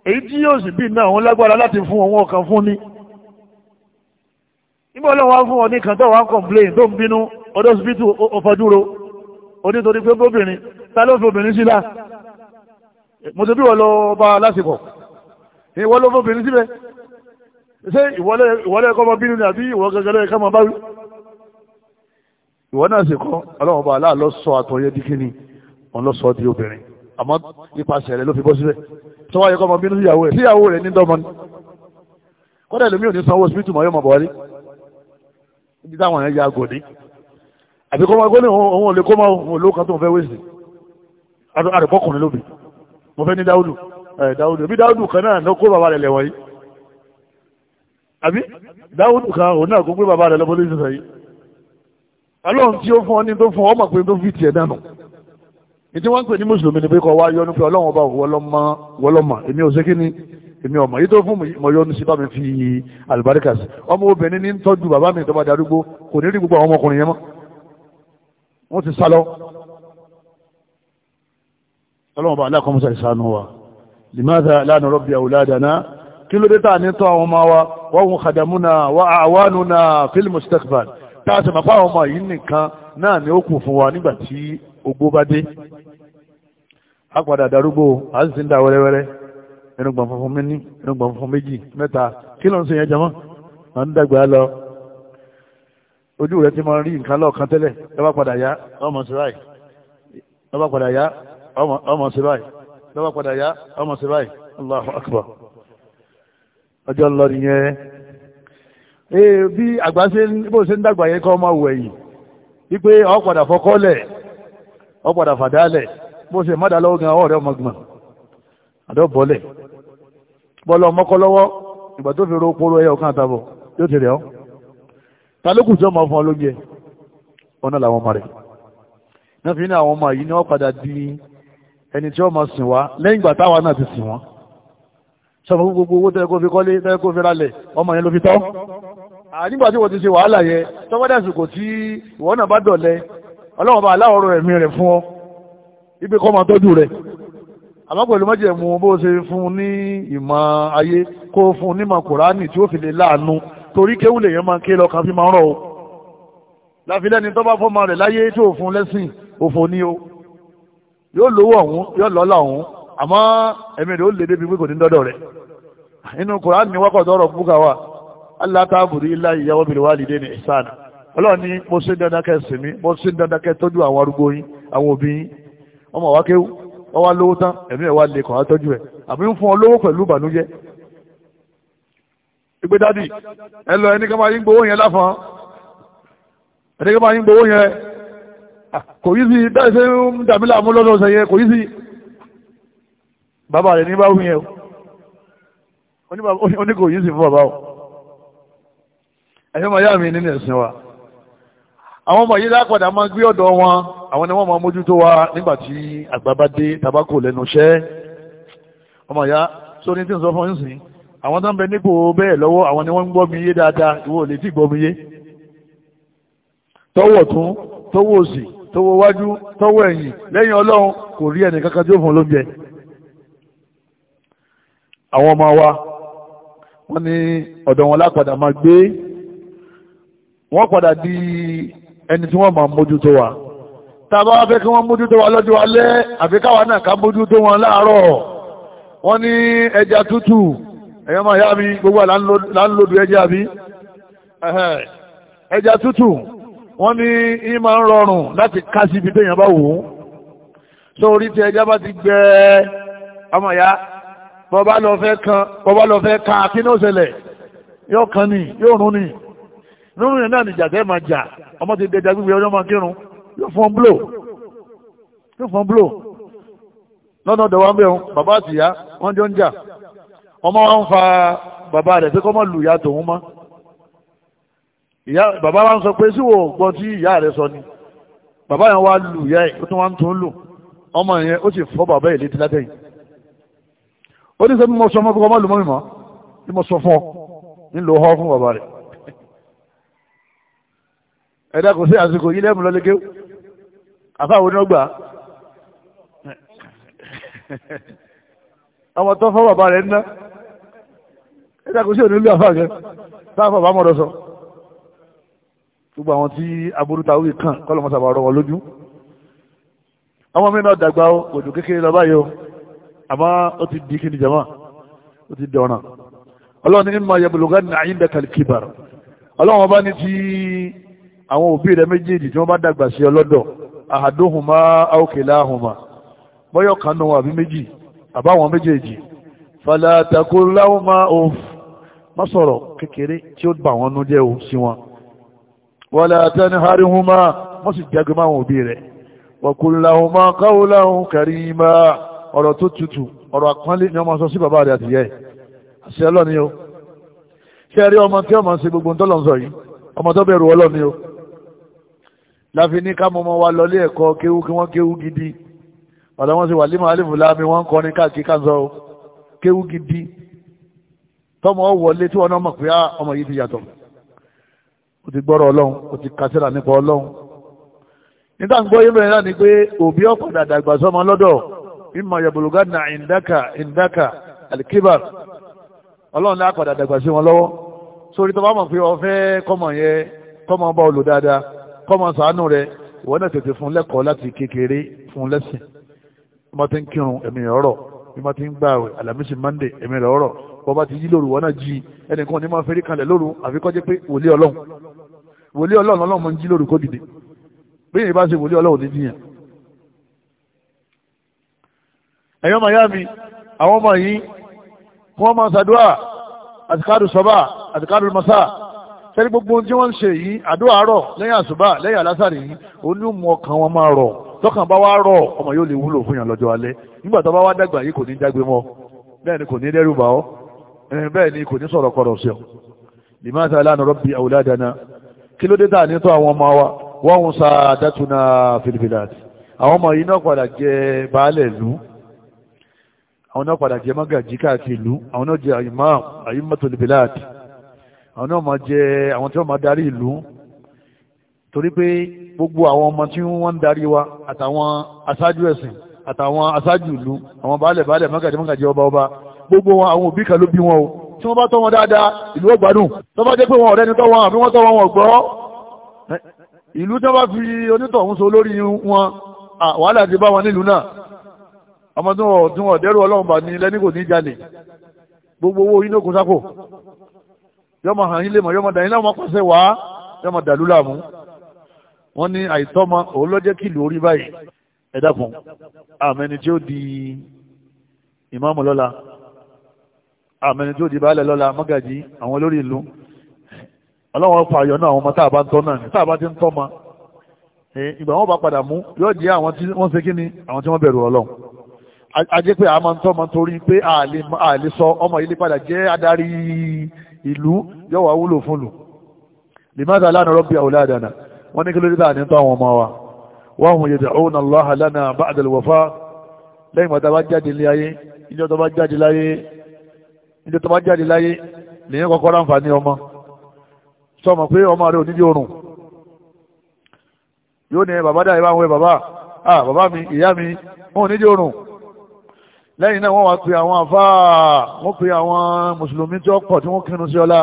èyí tí yóò sì bí náà òun lágbára láti fún òun ọ̀kan fún ni nígbà ọlọ́run wá fún ọ ní kan tó wá ń complain tó ń bínú ọdọ́sibítù ọfọdúró onítorí pé bóbìnrin ta ló fi obìnrin sílá mo ti bí wọ́n lọ bá lásìkò ìwọ ló fọ́bìnrin síbẹ̀ ṣé ìwọlé ẹ̀kọ́ ọmọ bínú ni àbí ìwọ gẹ́gẹ́rẹ́ ẹ̀ká máa bá wí ìwọ náà sì kọ́ ọlọ́run ọba aláà lọ sọ àtọ̀yẹ di kíni òun lọ sọ di obìnrin àmọ́ ipasẹ̀ rẹ̀ ló fi bọ́ síbẹ̀ tó wáyé kọ́ ọmọ bínú síyàwó rẹ̀ síyàwó rẹ̀ ní dọ́mọ ni kọ́dà lómi ò ní sanwó síbítù mọ́ yóò mọ̀ bọ̀wálé ibi táwọn èèyàn ya gòdì àbíkọ́ wọn gbọ́dọ̀ òun ò lè kó mọ́ òun ò lókan tó ń fẹ́ wéṣì àdùkọ́kùnrin lóbi mo fẹ́ ní dáúdù ẹ̀ dáúdù bí dáúdù kan náà ló kó bàbá rẹ̀ lẹ́wọ̀n yìí àbí dáúdù kan òun náà kó gbé bàbá rẹ̀ lọ́bọ́lé sísè yìí ọlọ́run tí ó fún ọ ní tó fún ọ mọ̀ pé tó fi tiẹ̀ dànù ní tí wọ́n ń pè ní mùsùlùmí ni pé kọ́ wá yọnu pé ọlọ́run ọba wọlọ́mọ èmi ò sé kí ni èmi ọmọ yìí tó fún mọ̀ yọnu sí bá fi àlùbáríkà sí ọmọ obìnrin ní tọ́jú bàbá mi tó bá darúgbó kò ní rí gbogbo àwọn ọmọkùnrin yẹn mọ́ wọ́n ti sá lọ ọlọ́wọ́n bá aláàkọ́mọ́sà ìsànú wa limadha la nurabbi awladana kí ló dé tàà ní tọ́ àwọn ọmọ wa wọ́n khadamuna wa a'wanuna fil mustaqbal táà sì màpá àwọn ọmọ yìí nìkan náà ni ó kù fún wa nígbà ogbó bá dé ọmọ sí báyìí lọ́wọ́ padà yá ọmọ sí báyìí Allahu Akbar ọjọ́ lọ nìyẹn ee bí àgbà ṣe bó ṣe ń dàgbà yẹ kọ́ ọmọ wẹ̀yìn wípé ọ fọkọ́lẹ̀ ọ fàdálẹ̀ bó ṣe mọ́dà lọ́wọ́ gan ọ̀rẹ́ ọmọgbọ̀n àdọ́ bọ́lẹ̀ bọ́lọ mọ́kọ́ lọ́wọ́ ìgbà tó fi ro ẹni tí ó máa sìn wá lẹ́yìn ìgbà táwa náà ti sìn wọ́n sọ fún gbogbo owó tẹ́ẹ̀kọ́ fi kọ́lé tẹ́ẹ̀kọ́ fi ralẹ̀ ọmọ yẹn ló fi tọ́ nígbà tí wọ́n ti ṣe wàhálà yẹn tọ́wọ́dà sùkò tí ìwọ náà bá dọ̀lẹ́ ọlọ́wọ́n bá aláwọ̀rọ̀ ẹ̀mí rẹ̀ fún ọ ibi kọ́ máa tọ́jú rẹ̀ àmọ́ pẹ̀lú mọ́jẹ̀ mú bó ṣe fún ní ìmọ̀ ayé kó fún nímọ̀ kùránì tí ó fi lè láàánú torí kéwù lèyàn máa ké lọ kan fi máa ń rọ̀ o láfi lẹ́ni tó bá fọ́ ọmọ rẹ̀ láyé tí òfun lẹ́sìn òfò ni o yóò lówó ọ̀hún yóò lọ́lá ọ̀hún àmọ́ ẹ̀mí rẹ̀ ó lè débi pé kò ní dọ́dọ̀ rẹ̀ inú Kùránì ní wákọ̀ tọrọ fún kàwá aláàtàbùrí ilá ìyàwó mi wà lídé ní ìsáàna ọlọ́run ní mo ṣe ń dandan kẹ́ sìn mí mo ṣe ń dandan kẹ́ tọ́jú àwọn arúgbó yín àwọn òbí yín ọmọ wa kéwú wọ́n wá lówó tán ẹ̀mí ẹ̀ wá lè kàn á tọ́jú ẹ̀ àbí ń fún ọ lówó pẹ̀lú ìbànújẹ́ ìgbé dádì ẹ lọ ẹnì máa yín gbowó yẹn láfọn ẹnì máa yín gbowó yẹn kò yí sí bẹ́ẹ̀ ṣe ń dàbí láàmú lọ́dọ̀ ọ̀sẹ̀ yẹn kò yí sí bàbá rẹ̀ ní bá wù yẹn o kò yí sí fún bàbá o ẹ̀yọ́ máa yá mi nínú ẹ̀sìn wa àwọn ọmọ yìí lápàdà máa gbé ọ̀dọ̀ wọn àwọn ni wọ́n máa mójútó wa nígbà tí àgbà bá dé tabako lẹ́nu iṣẹ́ ọmọ ìyá tó ní tí ń sọ fún ìsìn àwọn tó ń bẹ nípò bẹ́ẹ̀ lọ́wọ́ àwọn ni wọ́n ń gbọ́ mi yé dáadáa ìwọ ò lè tí gbọ́ mi yé tọwọ́ tún tọwọ́ òsì tọwọ́ wájú tọwọ́ ẹ̀yìn lẹ́yìn ọlọ́run kò rí ẹnì kankan tí ó fún lóúnjẹ àwọn ọmọ wa wọ́n ní ọ̀dọ̀ wọn lápadà máa gbé wọ́n padà di ẹni tí wọ́n máa mójútó wa tàbá wá fẹ́ kí wọ́n mójútó wa lọ́jọ́ alẹ́ àfi káwa náà ká mójútó wọn láàárọ̀ wọ́n ní ẹja tútù ẹ̀yọ́ máa yá mi gbogbo àlá ń ẹja bí ẹja tútù wọ́n ní yín máa ń rọrùn láti ká sí ibi téèyàn bá wù ú so orí tí ẹja bá ti gbẹ ọmọ ìyá bọ́bá lọ fẹ́ kan bọ́bá lọ fẹ́ kan kí ní ó yóò kan ní yóò rún ní rúnrún yẹn náà ní ìjà máa jà ọmọ ti dẹja gbígbé ọjọ́ máa kírun yóò fọ́n blò yóò fọ́n blò lọ́nà ọ̀dọ̀ wa ń bẹ̀rù bàbá àtìyá wọ́n jọ ń jà ọmọ wa ń fa bàbá rẹ̀ pé kọ́ mọ́ lùyà tòun mọ́ ìyá bàbá wa ń sọ pé síwò gbọ́ tí ìyá rẹ̀ sọ ni bàbá yẹn wá lù ìyá ẹ̀ ó wá ń tún lù ọmọ yẹn ó sì fọ́ bàbá yẹn létí látẹ̀yìn ó ní sẹ́mi mo sọ ọmọ kókó ọmọ lùmọ́ mi mo sọ fún ọ nílò ọhọ́ fún bàbá rẹ̀ ẹ̀dá kò sí àsìkò yìí lẹ́mú lọ́lẹ́gẹ́ àfáwọn onígbà ọmọ tó fọ́ bàbá rẹ̀ ń ná ẹ̀dá kò sí òní gbogbo àwọn tí aburúta wí kàn kọ́lọ̀ mọ́ sàbà rọwọ́ lójú àwọn mìíràn dàgbà òjò kékeré lọ báyìí o ó ti di kí ni jama ó ti di ọ̀nà ọlọ́run ní ma yabuluga ní àyíndà kalikibar ọlọ́run ọba ní ti àwọn òbí rẹ méjèèjì tí wọ́n bá dàgbà sí ọlọ́dọ̀ àhàdóhùnmá àókèláhùnmá bọ́yọ̀ kanú àbí méjì àbáwọn méjèèjì falatakó láwọn máa ò má sọ̀rọ̀ kékeré tí ó bà wọ́n nú jẹ́ o sí wọn wala tanharihuma wọ́n sì jágbe máwọn òbí rẹ̀ wa qul lahuma qawlan karima ọ̀rọ̀ tó tutù ọ̀rọ̀ àpọ́nlé ni wọ́n máa sọ sí bàbá rẹ̀ àtìyẹ́ ẹ̀ àṣẹ ọlọ́ni o ṣé ẹ rí ọmọ tí ọmọ ń ṣe gbogbo ntọ́lọ́ yìí ọmọ tó bẹ̀rù ọlọ́ni láfi ní ká mọ́mọ́ wa lọlé ẹ̀kọ́ kéwú kí wọ́n kéwú gidi ọ̀dọ̀ wọn sì wà límọ̀ alẹ́ fúlámi wọ́n ń kọrin káàkiri káàzọ́ o kéwú gidi tọmọ wọlé tí wọn náà mọ̀ pé ah, ọmọ yìí ti yàtọ̀ o ti gbọ́rọ̀ ọlọ́run o ti kásílà nípa ọlọ́run nígbà gbọ́ yé bẹ̀rẹ̀ náà ni pé òbí ọ̀pọ̀dà dàgbà sọ́mọ lọ́dọ̀ ìmọ̀ yabuluga na indaka indaka alikiba. ọlọ́run náà padà dàgbà sí wọn lọ́wọ́ sórí tó bá mọ̀ pé ọ̀fẹ́ kọ́mọ yẹn kọ́mọ bá olù dáadáa kọ́mọ sàánú rẹ ìwọ náà tètè fún lẹ́kọ̀ọ́ láti kékeré fún lẹ́sìn bí wọ́n ń kírun ẹ̀mí ọ̀rọ̀ bí wọ́n ti ń gbààwẹ̀ alamisi mande ẹ̀mí ọ̀rọ̀ bọ́ bá ti yí lóru wọn náà jí ẹnìkan ní máa fẹ́rí kalẹ̀ lóru àfikọ́jẹ́ pé wòlé ọlọ́run wòlíì ọlọ́run ọlọ́run mọ̀ ń jí lórúkọ dìde bí èyí bá ṣe wòlíì ọlọ́run ní jiyàn ẹ̀yọ́ miami àwọn ọmọ yìí kí wọ́n máa ṣàdúrà àtìkádù sọ́bà àtìkádù masá sẹ́ni gbogbo tí wọ́n ń ṣe yìí àdúrà àárọ̀ lẹ́yìn àṣùbà lẹ́yìn àlásàrì yìí onímọ̀ ọkàn wọn máa rọ̀ tọkàn bá wá rọ̀ ọmọ yóò lè wúlò fún yàn lọ́jọ́ alẹ́ nígbà tó bá wá dàgbà yìí kò ní jágbe mọ́ bẹ́ẹ̀ ni kò ní dẹ́rù bà ọ́ bẹ́ẹ̀ ni kò ní sọ̀rọ̀ kọ̀rọ̀ sí ọ lèmọ́ta lánàá rọ́bì àwòládàna kí ló dé tà ní tó àwọn ọmọ wa wọ́n ń sa dátúná fìlìfìlàtì àwọn ọmọ yìí náà padà jẹ baálẹ̀ ìlú àwọn náà padà jẹ mágàjí káàkiri ìlú àwọn náà jẹ àyímọ́ àyímọ́ tòlìfìlàtì àwọn náà máa jẹ àwọn tí wọ́n máa darí ìlú torí pé gbogbo àwọn ọmọ tí wọ́n ń darí wa àtàwọn aṣáájú ẹ̀sìn àtàwọn aṣáájú ìlú àwọn baálẹ̀ baálẹ̀ mágàjí mágàjí ọba ọba gbogbo àwọn òbí kan ló bí wọn o tí wọ́n bá tọ́ wọn dáadáa ìlú ọgbàdùn tó bá jẹ́ pé wọn ọ̀rẹ́ ni tọ́ wọn àbí wọ́n tọ́ wọn ọ̀gbọ́ ìlú tó bá fi onítọ̀hún so lórí wọn wàhálà ti bá wọn nílùú náà ọmọ tí wọn dẹ́rù ọlọ́run bá ní lẹ́ni kò ní jalè gbogbo owó inú òkun sákò yọmọ hàn yín lè mọ yọmọ dàní láwọn pàṣẹ wá yọmọ dàlú làmú wọn ní àìtọ́mọ òun ló jẹ́ kí ìlú orí báyìí ẹ àmẹni tí ó di ìmáàmù lọ́la àmẹni tí ó di baálẹ̀ lọ́la mọ́gàjí àwọn olórí ìlú ọlọ́wọ́n pa àyọ̀ náà àwọn ọmọ táàbá ń tọ́ náà ní táàbá ti ń tọ́ ma ìgbà wọn bá padà mú yóò jẹ́ àwọn tí wọ́n ṣe kíni àwọn tí wọ́n bẹ̀rù ọlọ́run ajé pé àmọ́ ń tọ́ ma torí pé àlè sọ ọmọ ilé padà jẹ́ adarí ìlú yóò wá wúlò fún lù lèmọ́tà lánàá rọ́bì àwòládàna wọ́n ní kí ló dé ní tọ́ àwọn ọmọ wa wọ́n hùn yẹ̀dà òun Allah lánàá bá àdàlùwọ̀fá lẹ́yìn níjọ́ tó bá jáde láyé lèyìn kọ́kọ́ ráǹfààní ọmọ sọmọ pé ọmọ rẹ onídìí oorun yóò ní bàbá dá ìbá àwọn bàbá ah bàbá mi ìyá mi wọn ò nídìí oorun lẹ́yìn náà wọ́n wá pe àwọn àfáà wọ́n pe àwọn mùsùlùmí tí wọ́n pọ̀ tí wọ́n kírun sí ọlá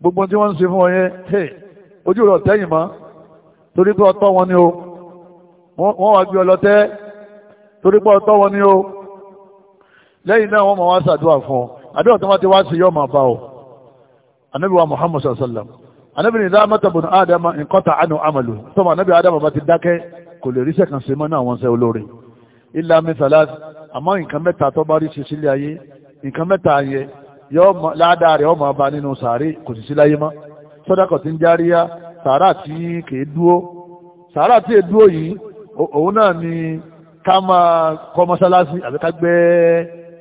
gbogbo tí wọ́n ń ṣe fún ọ yẹn hey ojú rẹ̀ tẹ́yìn mọ́ torí pé ọtọ́ wọn ni o wọ́n wá gbé ọlọ́tẹ́ torí pé ọtọ́ wọn ni o lẹ́yìn náà wọ́n máa wá sàdúrà fún ọ àdúrà tó wá ti wá sí yọ́ máa bá ọ anabi wa muhammad sallam anabi ni dáhàmátà bùnú ádámà nǹkọ́ta àánú àmàlù tọ́mọ anabi ádámà bá ti dákẹ́ kò lè ríṣẹ́ kan sí mọ́ náà wọ́n sẹ́ olóore ilá mi sàlát àmọ́ nǹkan mẹ́ta tó bá rí ṣe sílé ayé nǹkan mẹ́ta yẹ yọ́ ládàá rẹ̀ ọmọ ọba nínú sàárè kò sì sí mọ́ sọ́dákọ̀ tí ń járíyá sàárà tí kìí dúó sàárà tí èdúó yìí òun náà ni ká máa kọ́ mọ́sálásí àbí ká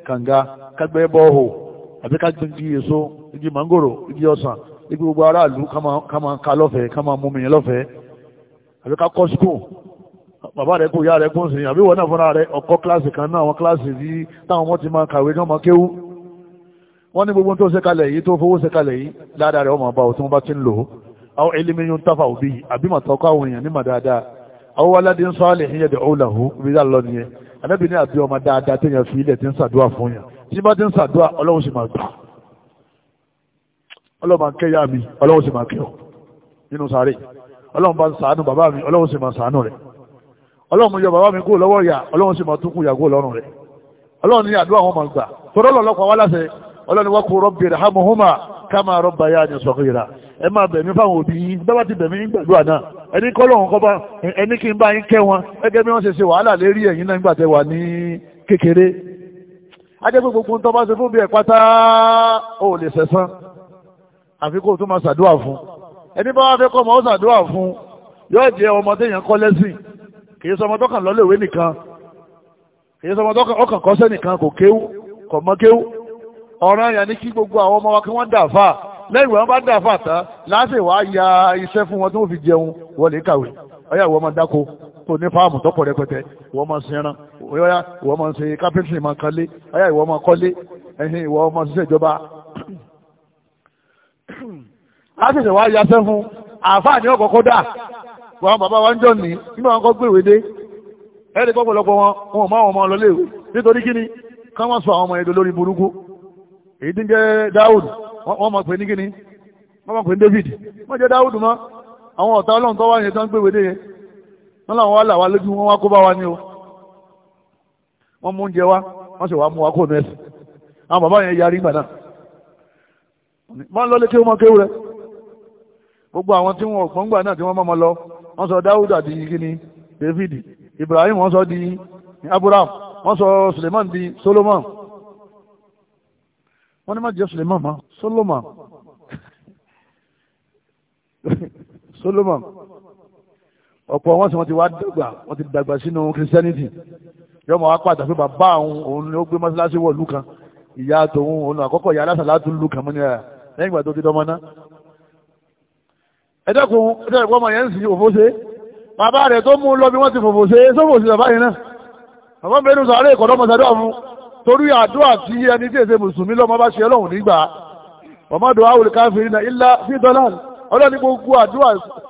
kànga kágbẹ́ bọ́ọ̀hò àbí kágbẹ́ igi èso igi mangoro igi ọsàn igi gbogbo aráàlú ká máa ka lọ́fẹ̀ẹ́ ká máa mú mi yẹn lọ́fẹ̀ẹ́ àbí ká kọ́ skul bàbá rẹ̀ kò yá rẹ̀ kún sí àbí wọ́n náà fúnra rẹ̀ ọkọ̀ kíláàsì kan náà àwọn kíláàsì yìí táwọn ọmọ ti máa kàwé náà máa kéwú wọ́n ní gbogbo tó ṣe kalẹ̀ yìí tó fowó ṣe kalẹ̀ yìí ládàá rẹ̀ ọmọ ọba ò tí wọ́n bá ti ń lò ó àwọn elimiyun tafa òbí àbí màtọ́kọ́ àwọn èèyàn ní màdáadáa àwọn aládé ń sọ ìyẹn dẹ̀ ọ́ làwọ̀ bí anábì ní àbí ọmọ dáadáa téèyàn fi ilẹ̀ tí ń ṣàdúrà fún yàn tí bá ti ń ṣàdúrà ọlọ́run sì máa gbà ọlọ́run máa kẹ́yà mi ọlọ́run sì máa kẹ́ọ̀ nínú sáré ọlọ́run bá ń ṣàánú bàbá mi ọlọ́run sì máa ṣàánú rẹ̀ ọlọ́run yọ bàbá mi kúrò lọ́wọ́ ìyà ọlọ́run sì máa tún kú ìyà kúrò lọ́rùn rẹ̀ ọlọ́run ní àdúrà wọn máa gbà tọ́lọ́ lọ́lọ́pàá wá láṣẹ ọlọ́run wá kú rọ́bì rẹ̀ hámuhùmá ká máa rọ́bà yá ni sọ̀kìrà ẹ máa bẹ̀mí fáwọn òbí yín bẹ́ẹ̀ bá ti bẹ̀mí gbàdúrà náà ẹni kọ́lọ̀ wọn kọ́ba ẹni kí n bá yín kẹ́ wọn gẹ́gẹ́ bí wọ́n ṣe ṣe wàhálà lérí ẹ̀yin náà nígbà tẹ́ wà ní kékeré ajẹ́pẹ́ gbogbo ń tọ́ba ṣe fún bí ẹ̀ pátá ò lè sẹ̀sán àfi kó o tún máa ṣàdúrà fún ẹni bá wàá fẹ́ kọ́ ọmọ ó ṣàdúrà fún yóò jẹ́ ọmọ téèyàn kọ́ lẹ́sìn kì í sọmọ tọkàn lọ́lẹ̀wé nìkan kì í sọmọ tọkàn ọkàn kọ́sẹ́ nìkan kò kéwú kò mọ kéwú ọ̀ràn yà ní kí gbogbo àwọn ọmọ wa kí wọ́n dà fáà lẹ́yìn wọn bá dà fàtà láti ya iṣẹ́ fún wọn tó fi jẹun wọlé kàwé ọyá ìwọ máa dáko tó ní fáàmù tọ́pọ̀ rẹpẹtẹ ìwọ máa sin ọyá ìwọ máa ṣe kápẹ́ntì máa kanlé ọyá ìwọ kọ́lé ẹ̀hìn ìwọ ṣiṣẹ́ ìjọba. láti ṣe ya fún àáfàá ni ọkọ̀ kódà wọn bàbá wa ń ní wọn kọ́ gbèwé dé ẹ̀ẹ́dì pọ̀pọ̀lọpọ̀ wọn wọn ọmọ wọ́n mọ̀ pé ní kíni wọ́n mọ̀ pé ní David wọ́n jẹ́ Dáwùdù mọ́ àwọn ọ̀tá ọlọ́run tó wá yẹn tó ń gbé wédé yẹn wọ́n làwọn wá là wá lójú wọn wá kó bá wa ní o wọ́n mú oúnjẹ wá wọ́n sì wá mú wa kó nẹ́ẹ̀sì àwọn bàbá yẹn yarí gbà náà wọ́n lọ lé kí wọ́n mọ kéwù rẹ gbogbo àwọn tí wọn ọ̀gbọ́n gbà náà tí wọ́n mọ̀ lọ wọ́n sọ Dáwùdù àti kíni David Ibrahim wọ́n sọ di Abraham wọ́n sọ Suleiman di Solomon wọ́n ní má jẹ́ Suleiman ma Solomon Solomon ọ̀pọ̀ wọn sì wọ́n ti wá dàgbà wọ́n ti dàgbà sínú Christianity yọ ma wá pàdé pé bàbá òun òun ni ó gbé mọ́sálásí wọ̀ lùkàn ìyá tòun òun àkọ́kọ́ ìyá aláṣà látú lùkàn mọ́ ní ẹ̀ eh, lẹ́yìn ìgbà tó ti dánmọ́ ná. ẹ dẹ́kun ẹ dẹ́kun ọmọ yẹn ń sin òfò ṣe bàbá rẹ̀ tó mú un lọ bí wọ́n ti fòfò ṣe sófò sí bàbá yẹn náà bàbá mi nù sàárè torí àdúrà tí ẹni tí èsè mùsùlùmí lọ́mọ bá ṣe ọlọ́run nígbà ọmọdé wa wòlé káfíìn náà ilá fídọ́là ọlọ́run ní gbogbo àdúrà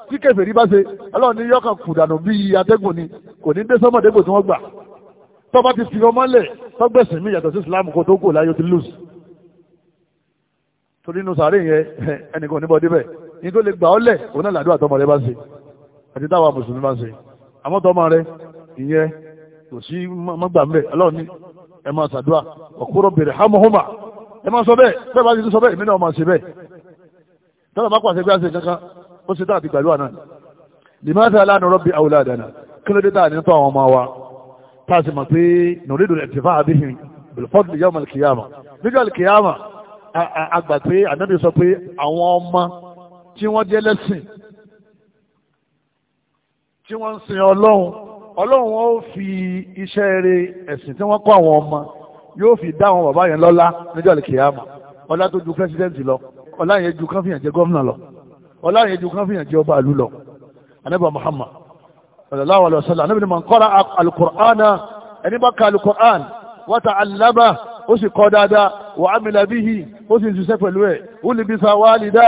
tí kèfèrí bá ṣe ọlọ́run ní yọkàn kùdànù bíi atẹ́gùn ni kò ní dé sọ́mọ̀dégbò tí wọ́n gbà tọ́ba ti fi ọmọ lẹ̀ tọ́gbẹ̀sìn mi yàtọ̀ sí Islam kó tó kò láyé ti lùs torí inú sàárè yẹn ẹnìkan oníbọ̀ débẹ̀ ní tó lè gbà ọ́ lẹ̀ òun náà làdúrà tọmọ rẹ ẹ máa ṣàdúrà ọ̀kúrọ̀ bèrè hámọ́hómà ẹ máa sọ bẹ́ẹ̀ bẹ́ẹ̀ bá ti sọ bẹ́ẹ̀ mí náà máa ṣe bẹ́ẹ̀ tọ́lá bá pàṣẹ gbáṣẹ kankan ó ṣe dáàbí pẹ̀lú àná lèmọ́tà aláàánú rọ́bì àwòládàna kí ló dé dáa ní tọ́ àwọn ọmọ wa tá a sì mọ̀ pé nùrídù ẹ̀tìfà àbíhìn bìlfọ́dù yawm al-qiyama níjọ́ al àgbà pé ànábì sọ pé àwọn ọmọ tí wọ́n jẹ́ lẹ́sìn tí wọ́n ń sin ọlọ́run ọlọ́run ó fi iṣẹ́ rere ẹ̀sìn tí wọ́n kọ́ àwọn ọmọ yóò fi dá àwọn bàbá yẹn lọ́lá níjọ́ àlìkìyàmà ọlá tó ju pẹ́sidẹ́ǹtì lọ ọlá yẹn ju káfíyàn jẹ gómìnà lọ ọlá yẹn ju káfíyàn jẹ ọba àlú lọ anábà Muhammad sallallahu alaihi wasallam anábì ni mà ń kọ́ra alukur'ana ẹni bá ka alukur'an wa ta'allama ó sì kọ́ dáadáa wa amila bihi ó sì ṣiṣẹ́ pẹ̀lú ẹ̀ ó wálidá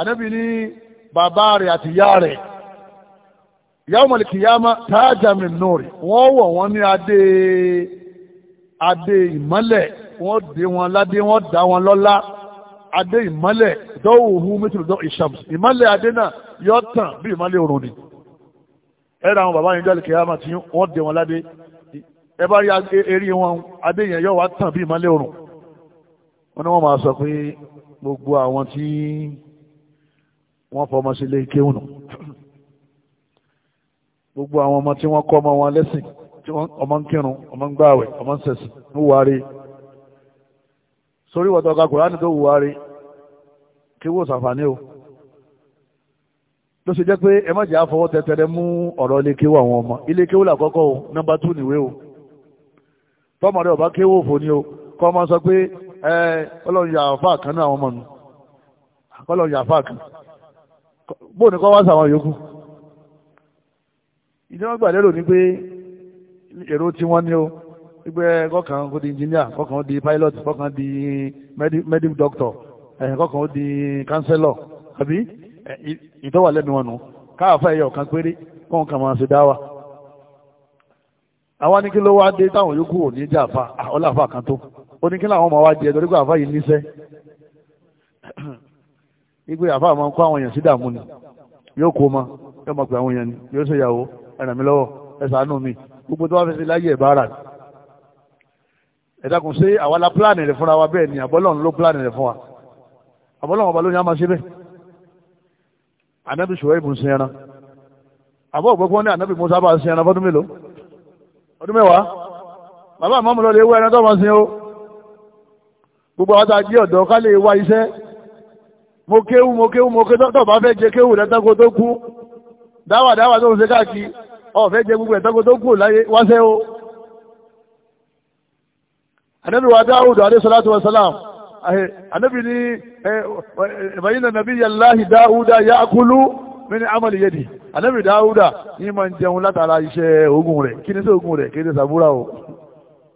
anábì ni bàbá rẹ̀ àti ìyá rẹ̀ yawmal qiyamah tájà min nuri wọ́n wọ̀ wọ́n ní adé adé ìmọ́lẹ̀ wọ́n dé wọn ládé wọ́n dá wọn lọ́lá adé ìmọ́lẹ̀ dọ́wòhu mẹ́tìrìdọ́ ìṣàmù ìmọ́lẹ̀ adé náà yọ tàn bí ìmọ́lẹ̀ òrùn ni ẹ̀rọ àwọn bàbá yẹn jọ́ àlìkìyàmà tí wọ́n dé wọn ládé ẹ bá rí eré wọn adé yẹn yọ wá tàn bí ìmọ́lẹ̀ òrùn wọn ni wọ́n máa sọ pé gbogbo àwọn tí wọ́n fọmọ sí ilé kéwùnù gbogbo àwọn ọmọ tí wọ́n kọ́ ọmọ wọn lẹ́sìn tí wọ́n ọmọ ń kírun ọmọ ń gbààwẹ̀ ọmọ ń sẹ̀sìn ń wùwárí sórí wọ́tọ̀ ọ̀gá kùránì tó wùwárí kí wò sàǹfààní o ló ṣe jẹ́ pé ẹ má jẹ́ àfọwọ́ tẹtẹrẹ mú ọ̀rọ̀ ilé kéwò àwọn ọmọ ilé kéwò làkọ́kọ́ o nọ́mbà tú nìwé o tọ́mọ rẹ ọba kéwò fò ní o kọ́ ọmọ sọ pé ẹ ọlọ́run yà àfà kan náà àwọn ọmọ nù ọlọ́run yà àfà kan bóun ni kọ́ wá sàwọn yòókù ìdí wọn gbà lérò ni pé èrò tí wọ́n ní o wípé kọ́kàn kó di engineer kọ́kàn ó di pilot kọ́kàn di medic doctor eh, kọ́kàn ó di counselor àbí eh, ìtọ́wà lẹ́nu wọn nù káàfà ẹ̀yọ̀ kan péré kọ́n kàn máa ṣe dáwà. àwa ní kí ló wá dé táwọn yòókù ò ní jẹ́ àfa ọláfà kan tó ó ní kí làwọn ọmọ wa jẹ torí pé àfa yìí níṣẹ́ wípé àfa máa ń kó àwọn èèyàn sí dààmú ni yóò kó ma yóò máa pè àwọn èèyàn ni yóò ṣèyàwó ẹ̀ràn mi lọ́wọ́ ẹ ṣàánú mi gbogbo tó wá fi ṣe láyé ẹ̀ bára ẹ dákun àwa la pílánì rẹ̀ fúnra wa bẹ́ẹ̀ ni àbọ́lọ́run ló pílánì rẹ̀ fún wa àbọ́lọ́run ọba ló ní a máa ṣe bẹ́ẹ̀ anabi ṣùgbọ́n ibùn sin ẹran àbọ̀ ògbógbó ní anabi musa bá sin ẹran fọdún mélòó ọdún mẹ́wàá bàbá àmọ́ mi lọ lè wá ẹran tó máa sin o gbogbo àwọn tá a jí ọ̀dọ́ ká lè wá iṣẹ́ mo kéwú mo kéwú mo ké tó bá fẹ́ jẹ kéwú rẹ̀ tán kó tó kú dáwà dáwà tó ń ṣe káàkiri ọ̀fẹ́ jẹ gbogbo ẹ̀tọ́gbọ́ tó kù láyé wáṣẹ́ o anabi wa dáhùdù aléṣọ́látù wasalam anabi ni ìbáyínà nàbí yàláhì dáhùdà ya akúlú mini amali yedi anabi dáhùdà yìí máa ń jẹun látara iṣẹ́ ogun rẹ̀ kí ni sí ogun rẹ̀ kí ni sàbúrà o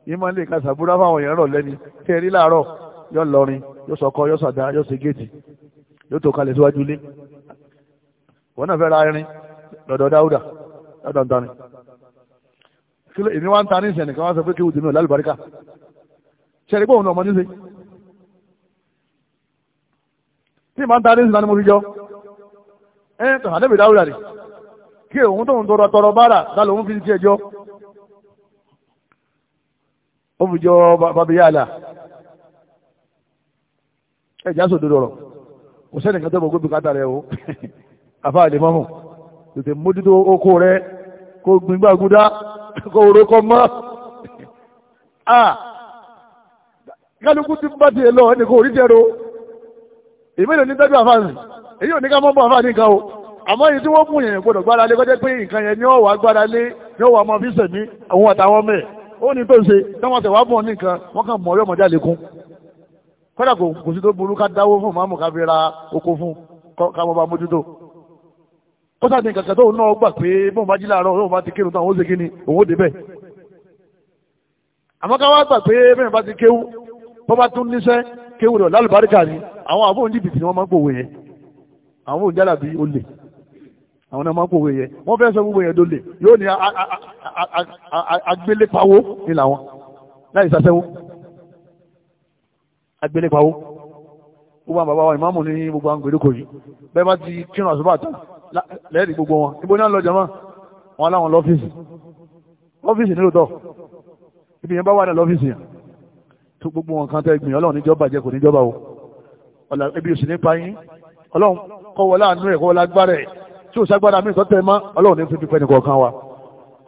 yìí máa ń lè ka sàbúrà fáwọn èèyàn rọ̀ lẹ́ni kẹrí láàárọ̀ yóò lọrin yóò sọkọ yóò sàdá yóò ṣe tó kalẹ̀ síwájú ilé wọn náà fẹ́ ra irin lọ́dọ̀ dáhùdà dáadáa ni kílẹ̀ ìní wa ń ta ní ìsẹ̀ nìkan wá sọ pé kí wùdí mi ò lálùbáríkà ṣẹ̀rí pé òun náà ọmọ ní ṣe tí ìmọ̀ ń ta ní ìsìn náà ni mo fi jọ ẹ ẹ tàn àdébì dáwúrà rè kí òun tóun tọrọ tọrọ bára dá lòun fi ti ẹjọ́ ó fi jọ babiya àlà ẹ̀já sòdodo rọ̀ kò sẹ́nìkan tó mọ̀ gbé bùkátà rẹ̀ o àfa àlè mọ́mù tètè mójútó oko rẹ kó gbin gbàgúdá kó orókọ mọ́ a kálukú ti bá tiẹ̀ lọ ẹnì kò rí jẹ́ro èmi lò ní tẹ́jú àfáàní èyí ò ní ká mọ́ bọ́ àfáàní kan o àmọ́ èyí tí wọ́n mú yẹn gbọ́dọ̀ gbára lé kọjá pé nǹkan yẹn ni ó wà gbára lé ni ó wà mọ́ fi sẹ̀mí òun àtàwọn mẹ́ẹ̀ ó ní tó ń ṣe táwọn tẹ̀wá bọ̀ nìkan wọ́n kàn mọ̀ ọ́rẹ́ ọmọdé kọ́dà kò sí tó burú ká dáwó fún màmú ká fi ra oko fún ká mọ́ bá mójútó kó sáà ní kankan tóun náà gbà pé bóun bá jí láàárọ̀ òun bá ti kírun tán òun ṣe kíni òun ó débẹ̀ àmọ́ ká wá gbà pé bẹ́ẹ̀ bá ti kéwú bó bá tún níṣẹ́ kéwú rẹ̀ lálùbáríkà ni àwọn àbò ń jìbìtì ni wọ́n máa ń pòwe yẹn àwọn òun jálà bíi olè àwọn náà máa ń pòwe yẹn wọ́n fẹ́ sọ gbogbo yẹn dolè yóò ní agbélépawó ni làwọn láì sasẹ́wó agbélépawó gbogbo àwọn bàbá wa ìmáàmù ní gbogbo àwọn gbèdéko yìí bẹ́ẹ̀ bá ti kírun àṣùbà tán lẹ́ẹ̀rí gbogbo wọn ibo ní àlọ́ jama wọn láwọn lọ́fíìsì lọ́fíìsì nílò tọ́ ibi yẹn bá wà ní lọ́fíìsì yẹn tó gbogbo wọn kan tẹ́ gbìn ọlọ́run níjọba jẹ kò níjọba o ọ̀là ibi òsì nípa yín ọlọ́run kọ́ wọlé àánú ẹ̀ kọ́ wọlé agbára ẹ̀ tí ò sagbára mi sọ́tẹ̀ mọ́ ọlọ́run ní fífi pẹ́ni kọ̀ọ̀kan wa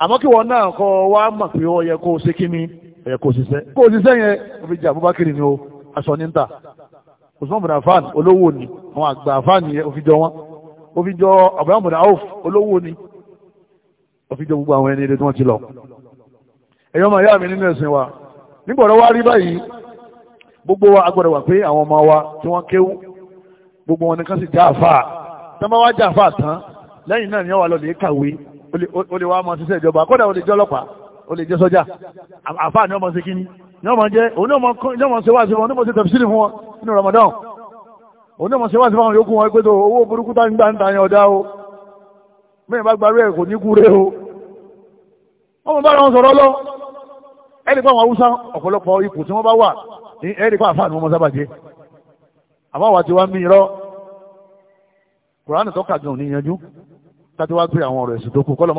àmọ́ kí wọn náà kọ́ wá mọ̀ pé ó yẹ kó o ṣe kí mi ẹ̀yẹ kó o ṣiṣẹ́ kó o ṣiṣẹ́ yẹn ó fi jẹ́ Abubakar ni o aṣọ ní ń ta Usman bin Affan yẹn òfijọ́ àbámọ̀dá áwòf olówó ni òfijọ́ gbogbo àwọn ẹni ilé tí wọ́n ti lọ ẹ̀yọ́ máa yá mi nínú ẹ̀sìn wa nígbọ̀dọ̀ wá rí báyìí gbogbo wa agbọ̀dọ̀ wà pé àwọn ọmọ wa tí wọ́n kéwú gbogbo wọn ni ká sì já àfà tí wọ́n wá já àfà tán lẹ́yìn náà ni wọ́n wà lọ lè kàwé ó lè wá máa ṣiṣẹ́ ìjọba kódà ó lè jẹ́ ọlọ́pàá ó lè jẹ́ sọ́jà àfà ni wọ́n máa ṣe kíní ni wọ́n máa jẹ́ òun ni wọ́n máa ṣe wá sí wọn ni wọ́n máa ṣe tẹ̀síìlì fún wọn nínú Ramadan òun náà mọ̀ sí wáṣí fáwọn yòókù wọn pé tó owó burúkú tá ń gbà ń ọ̀dá o mẹ́rin bá gbarú ẹ̀ kò ní kúrẹ́ o wọ́n mọ̀ bá wọn sọ̀rọ̀ lọ ẹni pé àwọn haúsá ọ̀pọ̀lọpọ̀ ipò tí wọ́n bá wà ní ẹni pé àfáà ni wọ́n mọ sábà jẹ́ àmọ́ wà tí wá mí irọ́ kùránì tọ́ka gan níyanjú tàbí wá pé àwọn ọ̀rọ̀ ẹ̀sìn tó kù kọ́lọ́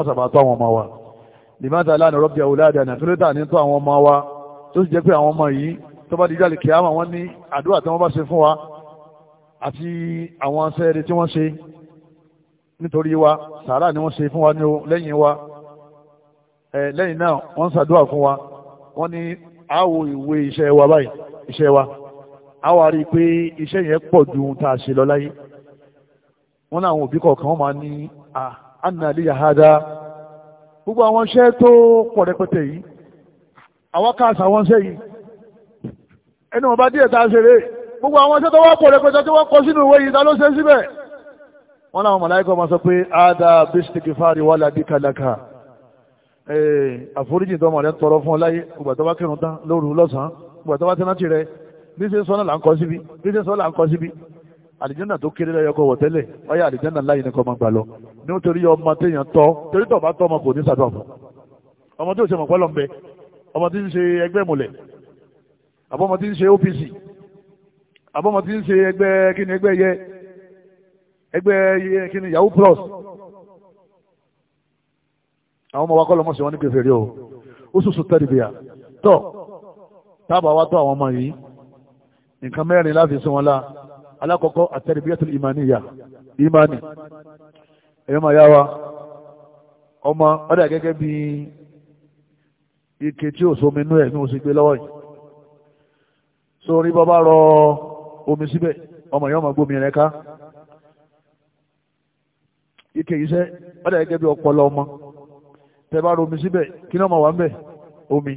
mọ́sàbà tó bá dìjà lè kíá wọn ní àdúrà tí wọ́n bá ṣe fún wa àti àwọn asẹ́rẹ tí wọ́n ṣe nítorí wa sàárà ni wọ́n ṣe fún wa ní o lẹ́yìn wa lẹ́yìn náà wọ́n ṣàdúrà fún wa wọ́n ní àwò ìwé iṣẹ́ wa báyìí iṣẹ́ wa àwa rí i pé iṣẹ́ yẹn pọ̀ ju ohun tá a ṣe lọ láyé wọ́n ní àwọn òbí kọ̀ọ̀kan wọ́n máa ní àná lè yà gbogbo àwọn iṣẹ́ tó pọ̀ rẹpẹtẹ yìí àwọn káàsà wọn ṣe yìí ẹni wọn bá díẹ̀ tá a ṣeré gbogbo àwọn iṣẹ́ tó wá pọ̀ rẹpẹtẹ tí wọ́n kọ sínú ìwé yìí ló ṣe síbẹ̀ wọ́n láwọn mọ̀láìkọ̀ máa sọ pé ada bíṣtìkì fáàrí wà ládí kàlàkà àforíjì tó mọ̀ rẹ̀ ń tọrọ fún ọ láyé ìgbà tó bá kírun tán lóru lọ́sàn-án ìgbà tó bá tẹ́ná tì rẹ̀ bí ṣe sọ́nà là ń kọ́ síbi bí ṣe sọ́nà là ń kọ́ síbi àlìjẹ́nà tó kéré lẹ́yọ kọ wọ̀ tẹ́lẹ̀ ọyá àlìjẹ́nà láyé ní kọ́ máa gbà lọ nítorí ọmọ téèyàn tọ́ torí tọ̀ bá tọ́ ọmọ kò ní sàdúrà fún ọmọ tí ò ṣe mọ̀ ń bẹ ọmọ tí ń ṣe ẹgbẹ́ mọ̀lẹ̀ àbọ̀mọ tí ń ṣe OPC àbọ̀mọ̀ tí ń ṣe ẹgbẹ́ kíni ẹgbẹ́ yẹ ẹgbẹ́ kíni yahoo plus àwọn ọmọ wa kọ́ lọ́mọ́sí wọn ní kẹfẹ́ rí o ó sùsù tẹ́lifíà tọ́ tábà wá tọ́ àwọn ọmọ yìí nǹkan mẹ́rin láfi sí wọn lá alákọ̀ọ́kọ́ àtẹ́lifíàtul ìmánìyà ìmánì ẹ̀yọ́ máa yá wa ọmọ ọdẹ gẹ́gẹ́ bí ike tí ò ẹ̀ ní oṣù gbé lọ́wọ́ yìí sórí rọ omi síbẹ̀ ọmọ yẹn ọmọ gbómi mi ká ike yìí sẹ́ ọ̀dà gẹ́gẹ́ bí ọpọlọ ọmọ tẹ bá omi síbẹ̀ kí ni ọmọ wà ń omi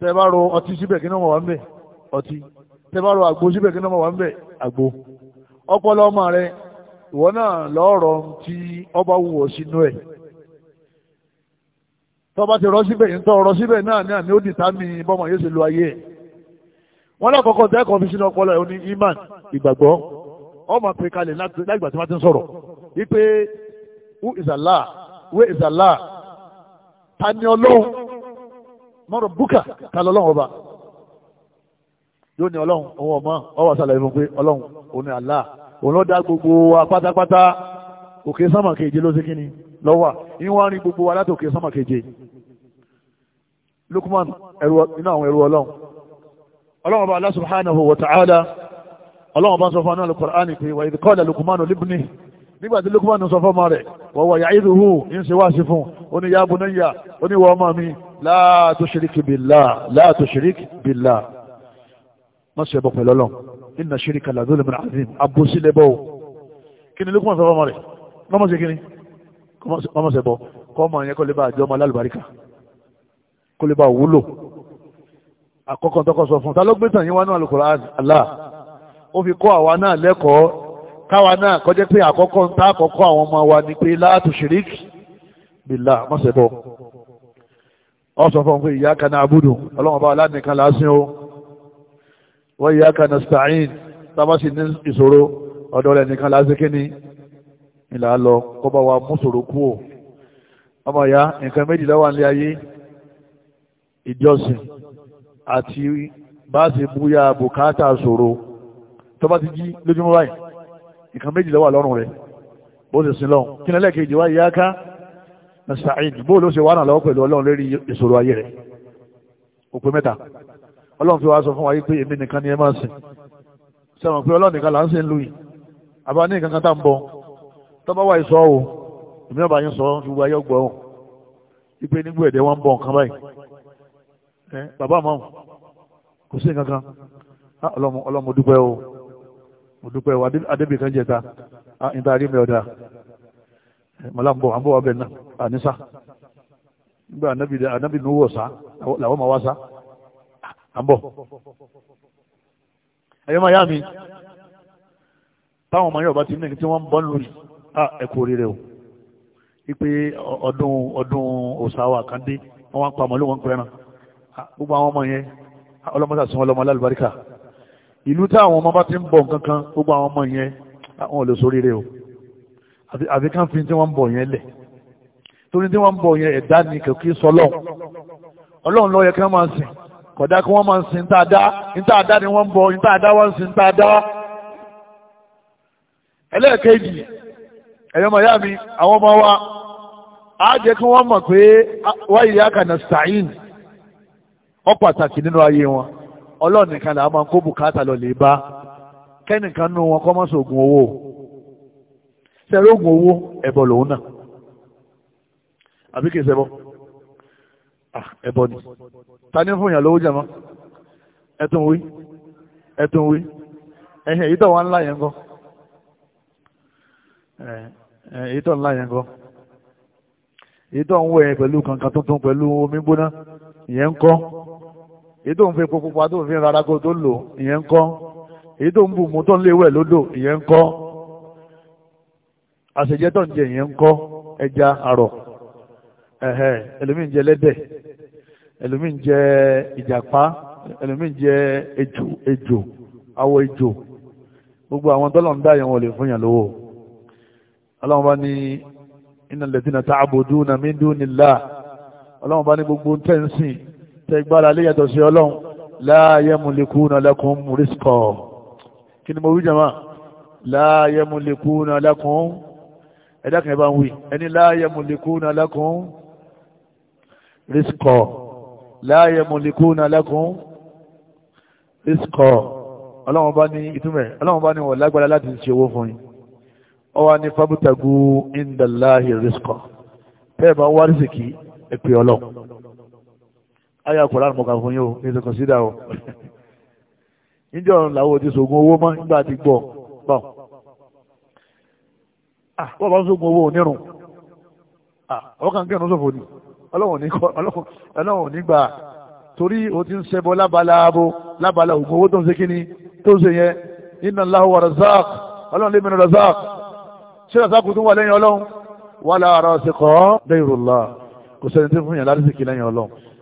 tẹ bá ro ọtí síbẹ̀ kí ni ọmọ wà ń bẹ̀ ọtí tẹ bá ro àgbo síbẹ̀ kí ni ọmọ wà ń bẹ̀ àgbo ọpọlọ ọmọ ọba sínú ẹ̀ tọ́ba ti rọ síbẹ̀ ń tọ́ ọ̀rọ̀ síbẹ̀ náà ní àmì ó bọ́mọ wọ́n lákọ̀ọ́kọ́ tẹ́kọ̀ọ́ fi sínú ọpọlọ ẹ̀ ní iman ìgbàgbọ́ ọmọ pé kalẹ̀ lágbà tí wọ́n ti ń sọ̀rọ̀ wípé who is Allah where is Allah ta ni ọlọ́run mọ́rọ̀ búkà ta lọ ọlọ́run ọba yóò ní ọlọ́run òun ọmọ ọwọ́ àṣàlẹ̀ ìfún pé ọlọ́run òun Allah òun ló dá gbogbo wa pátápátá òkè sánmà keje ló sí kíni lọ́wà ìwọ̀n rí gbogbo wa láti òkè sánmà keje Lukman iná àwọn ọlọ́wọ́n bá Allah subhanahu wa ta'ala ọlọ́wọ́n bá sọ fún anáàlù Qur'ani pé wà idh qala Luqmanu libni nígbàtí Luqmanu sọ fọ́mọ rẹ̀ wọ́wọ́ ya'iduhu ń ṣe wá sí fún oní ya bunayya oní wọ́n ọmọ mi la tushrik billah la tushrik billah má ṣe bọ̀ pẹ̀lú ọlọ́n inna shirka la dhulmun azim abúsí lẹ́bọ̀ o kí ni àkọ́kọ́ tọ́kọ́ sọ fún ta ló gbé tàn yín wá náà Al-Qur'an Allah ó fi kọ́ àwa náà lẹ́kọ̀ọ́ káwa náà kọjẹ́ pé àkọ́kọ́ ń tá àkọ́kọ́ àwọn ọmọ wa ni pé la tushrik billah mọ́sẹ̀bọ̀ ọ sọ fún pé iyyaka na'budu ọlọ́wọ́n bá aládìkan lásìn o wa iyyaka nasta'in tábà sì ní ìṣòro ọ̀dọ̀ rẹ̀ nìkan lásìn kíní ìlà lọ kọ́ bá wa mú ṣòro kú ọmọ ìyá nǹkan méjì wà nílé ayé ìjọsìn àti bá ṣe búyá bùkátà ṣòro tó bá ti jí lójúmọ́ báyìí nǹkan méjì ló wà lọ́rùn rẹ̀ bó ṣe sin lọ́hùn kí nílẹ̀ kejì wá ìyá ká nàṣàìdì bó ló ṣe wà náà lọ́wọ́ pẹ̀lú ọlọ́run lérí ìṣòro ayé rẹ̀ òpin mẹ́ta ọlọ́run fi wá sọ fún wa pé èmi nìkan ni ẹ máa sìn sẹ́wọ̀n pé ọlọ́run nìkan là ń sìn lù yìí àbá ní nǹkan kan tá ń bọ tó bá wà ìsọ́ o èmi náà yín sọ gbogbo ayé ọgbọ̀n ìpè nígbò ẹ̀dẹ̀ wọn ń bọ nǹkan báyìí bàbá àmọ́ kò sí nǹkan kan ah, ọlọ́mọ ọlọ́mọ dúpẹ́ o mo dúpẹ́ o kan jẹta ah, rí mi ọ̀dà mọ̀láǹbọ̀ àbọ̀ wà bẹ́ẹ̀ náà ànísà nígbà anábì làwọn máa wá sá àbọ̀ ẹ̀yọ́ máa yá mi táwọn ọmọ yóò bá ti ní tí wọ́n ń bọ́ ah, ẹ̀kọ́ o ọdún ọdún òsàwà kan dé wọ́n wá ń pa ń pẹ́ràn gbogbo àwọn ọmọ yẹn ọlọ́mọdé sọ ọlọ́mọ alálùbáríkà ìlú táwọn ọmọ bá ti ń bọ̀ kankan gbogbo àwọn ọmọ yẹn àwọn olè sórí rẹ o àfi ká fi tí wọ́n ń bọ̀ yẹn lẹ̀ torí tí wọ́n ń bọ̀ yẹn ẹ̀dá ni kìkì sọ ọlọ́run ọlọ́run ló yẹ kí wọ́n máa sìn kódà kí wọ́n máa sìn tá a dá níta àdá ni wọ́n ń bọ̀ níta àdá wọ́n ń sìn tá a dá ẹlẹ́ẹ̀kejì ẹ̀yọ́ màyá mi àwọn ọmọ wa á jẹ́ kí wọ́n mọ̀ pé wáyé yá sàyìn ọ pàtàkì nínú ayé wọn ọlọ́run nìkan là máa ń kó bùkátà lọ lè bá kẹ́nìkan nú wọn kọ́ mọ́ sóògùn owó sẹ́rẹ́ oògùn owó ẹbọ lòun náà àbí kì í ṣẹbọ ah, ẹbọ ni ta ní fún yàn lówó jẹ mọ́ ẹtùn wí ẹtùn wí ẹ̀yìn èyí tó wà ńlá yẹn kọ́ èyí tó ńlá yẹn kọ́ èyí tó ń wẹ̀ pẹ̀lú kankan tuntun pẹ̀lú omi gbóná ìyẹn ń kọ́ èyí tó ń fi epo pupa tó ń fi rárá kó tó lò ìyẹn ń kọ́ èyí tó ń bù mú tó ń léwẹ̀ lódò ìyẹn ń kọ́ àṣejẹ́ tó ń jẹ ìyẹn ń kọ́ ẹja àrọ̀ ẹ̀hẹ̀ ẹlòmíín jẹ lẹ́dẹ̀ ẹlòmíín jẹ ìjàpá ẹlòmíín jẹ ejò ejò awọ ejò gbogbo àwọn tọ́lọ̀ ń dá yẹn wọlé fún yàn lówó ọlọ́run bá ní innal ladhina ta'buduna min dunillah ọlọ́run bá ní gbogbo tẹ́ǹsìn tẹgbára lè yàtọ̀ sí ọlọ́run la yamlikuna lakum rizqa kí ni mo wí jama la yamlikuna lakum ẹ̀dàkùn ẹ̀bá ń wí ẹni la yamlikuna lakum rizqa la yamlikuna lakum rizqa ọlọ́run bá ní ìtumẹ̀ ọlọ́run bá ní wọ̀ lágbára láti ṣe ayé Kùránì mọ̀ká fún yóò ètò kọ̀sídà o níjọ́ làwọn ti sògùn owó mọ́ nígbà tí gbọ́ bọ́ ah, wọ́n bá ń sògùn owó onírun àwọn ah, kan kírun sòfò ni ọlọ́run nígbà torí o ti ń ṣẹbọ lábala abo lábala ògùn owó tó ń ṣe kíni tó ń ṣe yẹn inna Allahu wa razaq ọlọ́run lè mìíràn razaq ṣé razaq tó wà lẹ́yìn ọlọ́run wala rasiqa ghayrullah kò sẹ́ni tó fún yàn lárísìkì lẹ́yìn ọlọ́run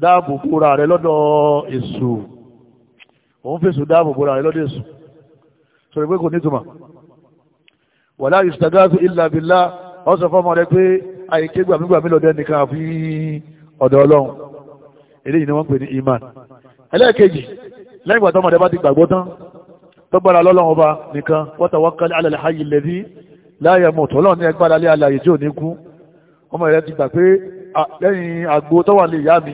dáàbò bóra rẹ lọ́dọ̀ èṣù òun fèsù dáàbò bóra rẹ lọ́dọ̀ èṣù sọ̀rọ̀ pé kò nítumọ̀ wàlá ìsìtàgáàtù ìlà bìlá ọ sọ fọ́mọ rẹ pé àìké gbàmígbàmí lọ́dọ̀ ẹnìkan iman ẹlẹ́ẹ̀kejì lẹ́yìn ìgbà tọ́mọdé bá ti gbàgbọ́ tán tó gbára lọ́lọ́run ọba nìkan wa tawakkal la yamut ọlọ́run ní ẹgbàdálẹ́ alàyè tí ò ní kú ọmọ rẹ ti gbà pé lẹ́yìn àgbo tó lè yá mi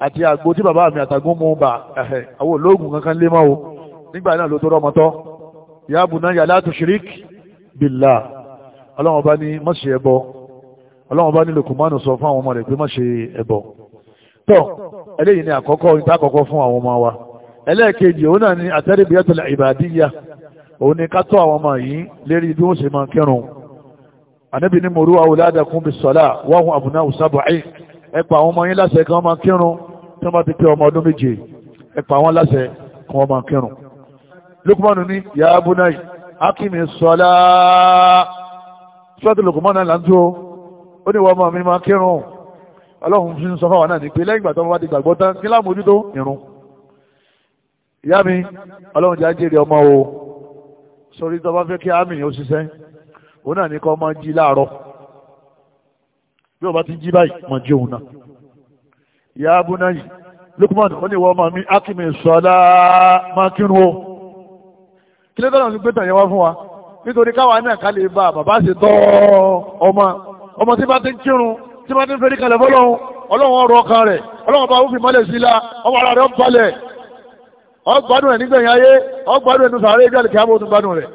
àti àgbo tí bàbá mi àtàgún mú bà ẹ̀hẹ̀ àwọn olóògùn kankan lé mọ́ o nígbà náà ló tó rọmọ tọ́ yáàbù náà yàlá tó ṣirík bìlà ọlọ́run bá ní má ṣe ẹbọ ọlọ́run bá ní lukumanu sọ fún àwọn ọmọ rẹ̀ pé má ṣe ẹbọ tọ́ eléyìí ni àkọ́kọ́ ìta àkọ́kọ́ fún àwọn ọmọ wa ẹlẹ́ẹ̀kejì òun náà ni ẹ̀pà àwọn ọmọ yín láṣẹ kan máa kírun tí wọ́n bá ti pé ọmọ ọdún méje ẹ pa wọ́n láṣẹ kí wọ́n máa lukumanu ni ya abunayi akimi sọlá sọ́ọ́tì lukumanu là ń tó ó ní wọ́n máa mi máa kírun ọlọ́run fi ń sọ fáwọn náà ní pé lẹ́yìn ìgbà tó wọ́n bá ti gbàgbọ́ tán kí lámòjútó irun ìyá mi ọlọ́run jẹ́ àjèrè ọmọ o sórí tó bá fẹ́ kí àmì yóò ṣiṣẹ́ òun náà ní kọ́ máa jí láàárọ̀ bí wọ́n bá ti jí báyìí máa jí òun náà ìyá abúná yìí Lukman ó ní ìwọ ọmọ mi akimi sọlá máa kírun o kí ló dọ́nà ní gbé tàn yẹn wá fún wa nítorí káwa náà ká lè ba bàbá ṣe tọ́ ọmọ ọmọ tí bá ti ń kírun tí bá ti ń fẹ́rí kalẹ̀ fọlọ́hún ọlọ́run ọ̀rọ̀ ọkàn rẹ̀ ọlọ́run bá wúfi mọ́lẹ̀ sí la ọmọ ara rẹ̀ ń balẹ̀ ọgbádùn rẹ̀ nígbẹ̀yìn ayé ọgbádùn ẹnu sàárẹ̀ ibi àlùkí àbò gbádùn rẹ̀.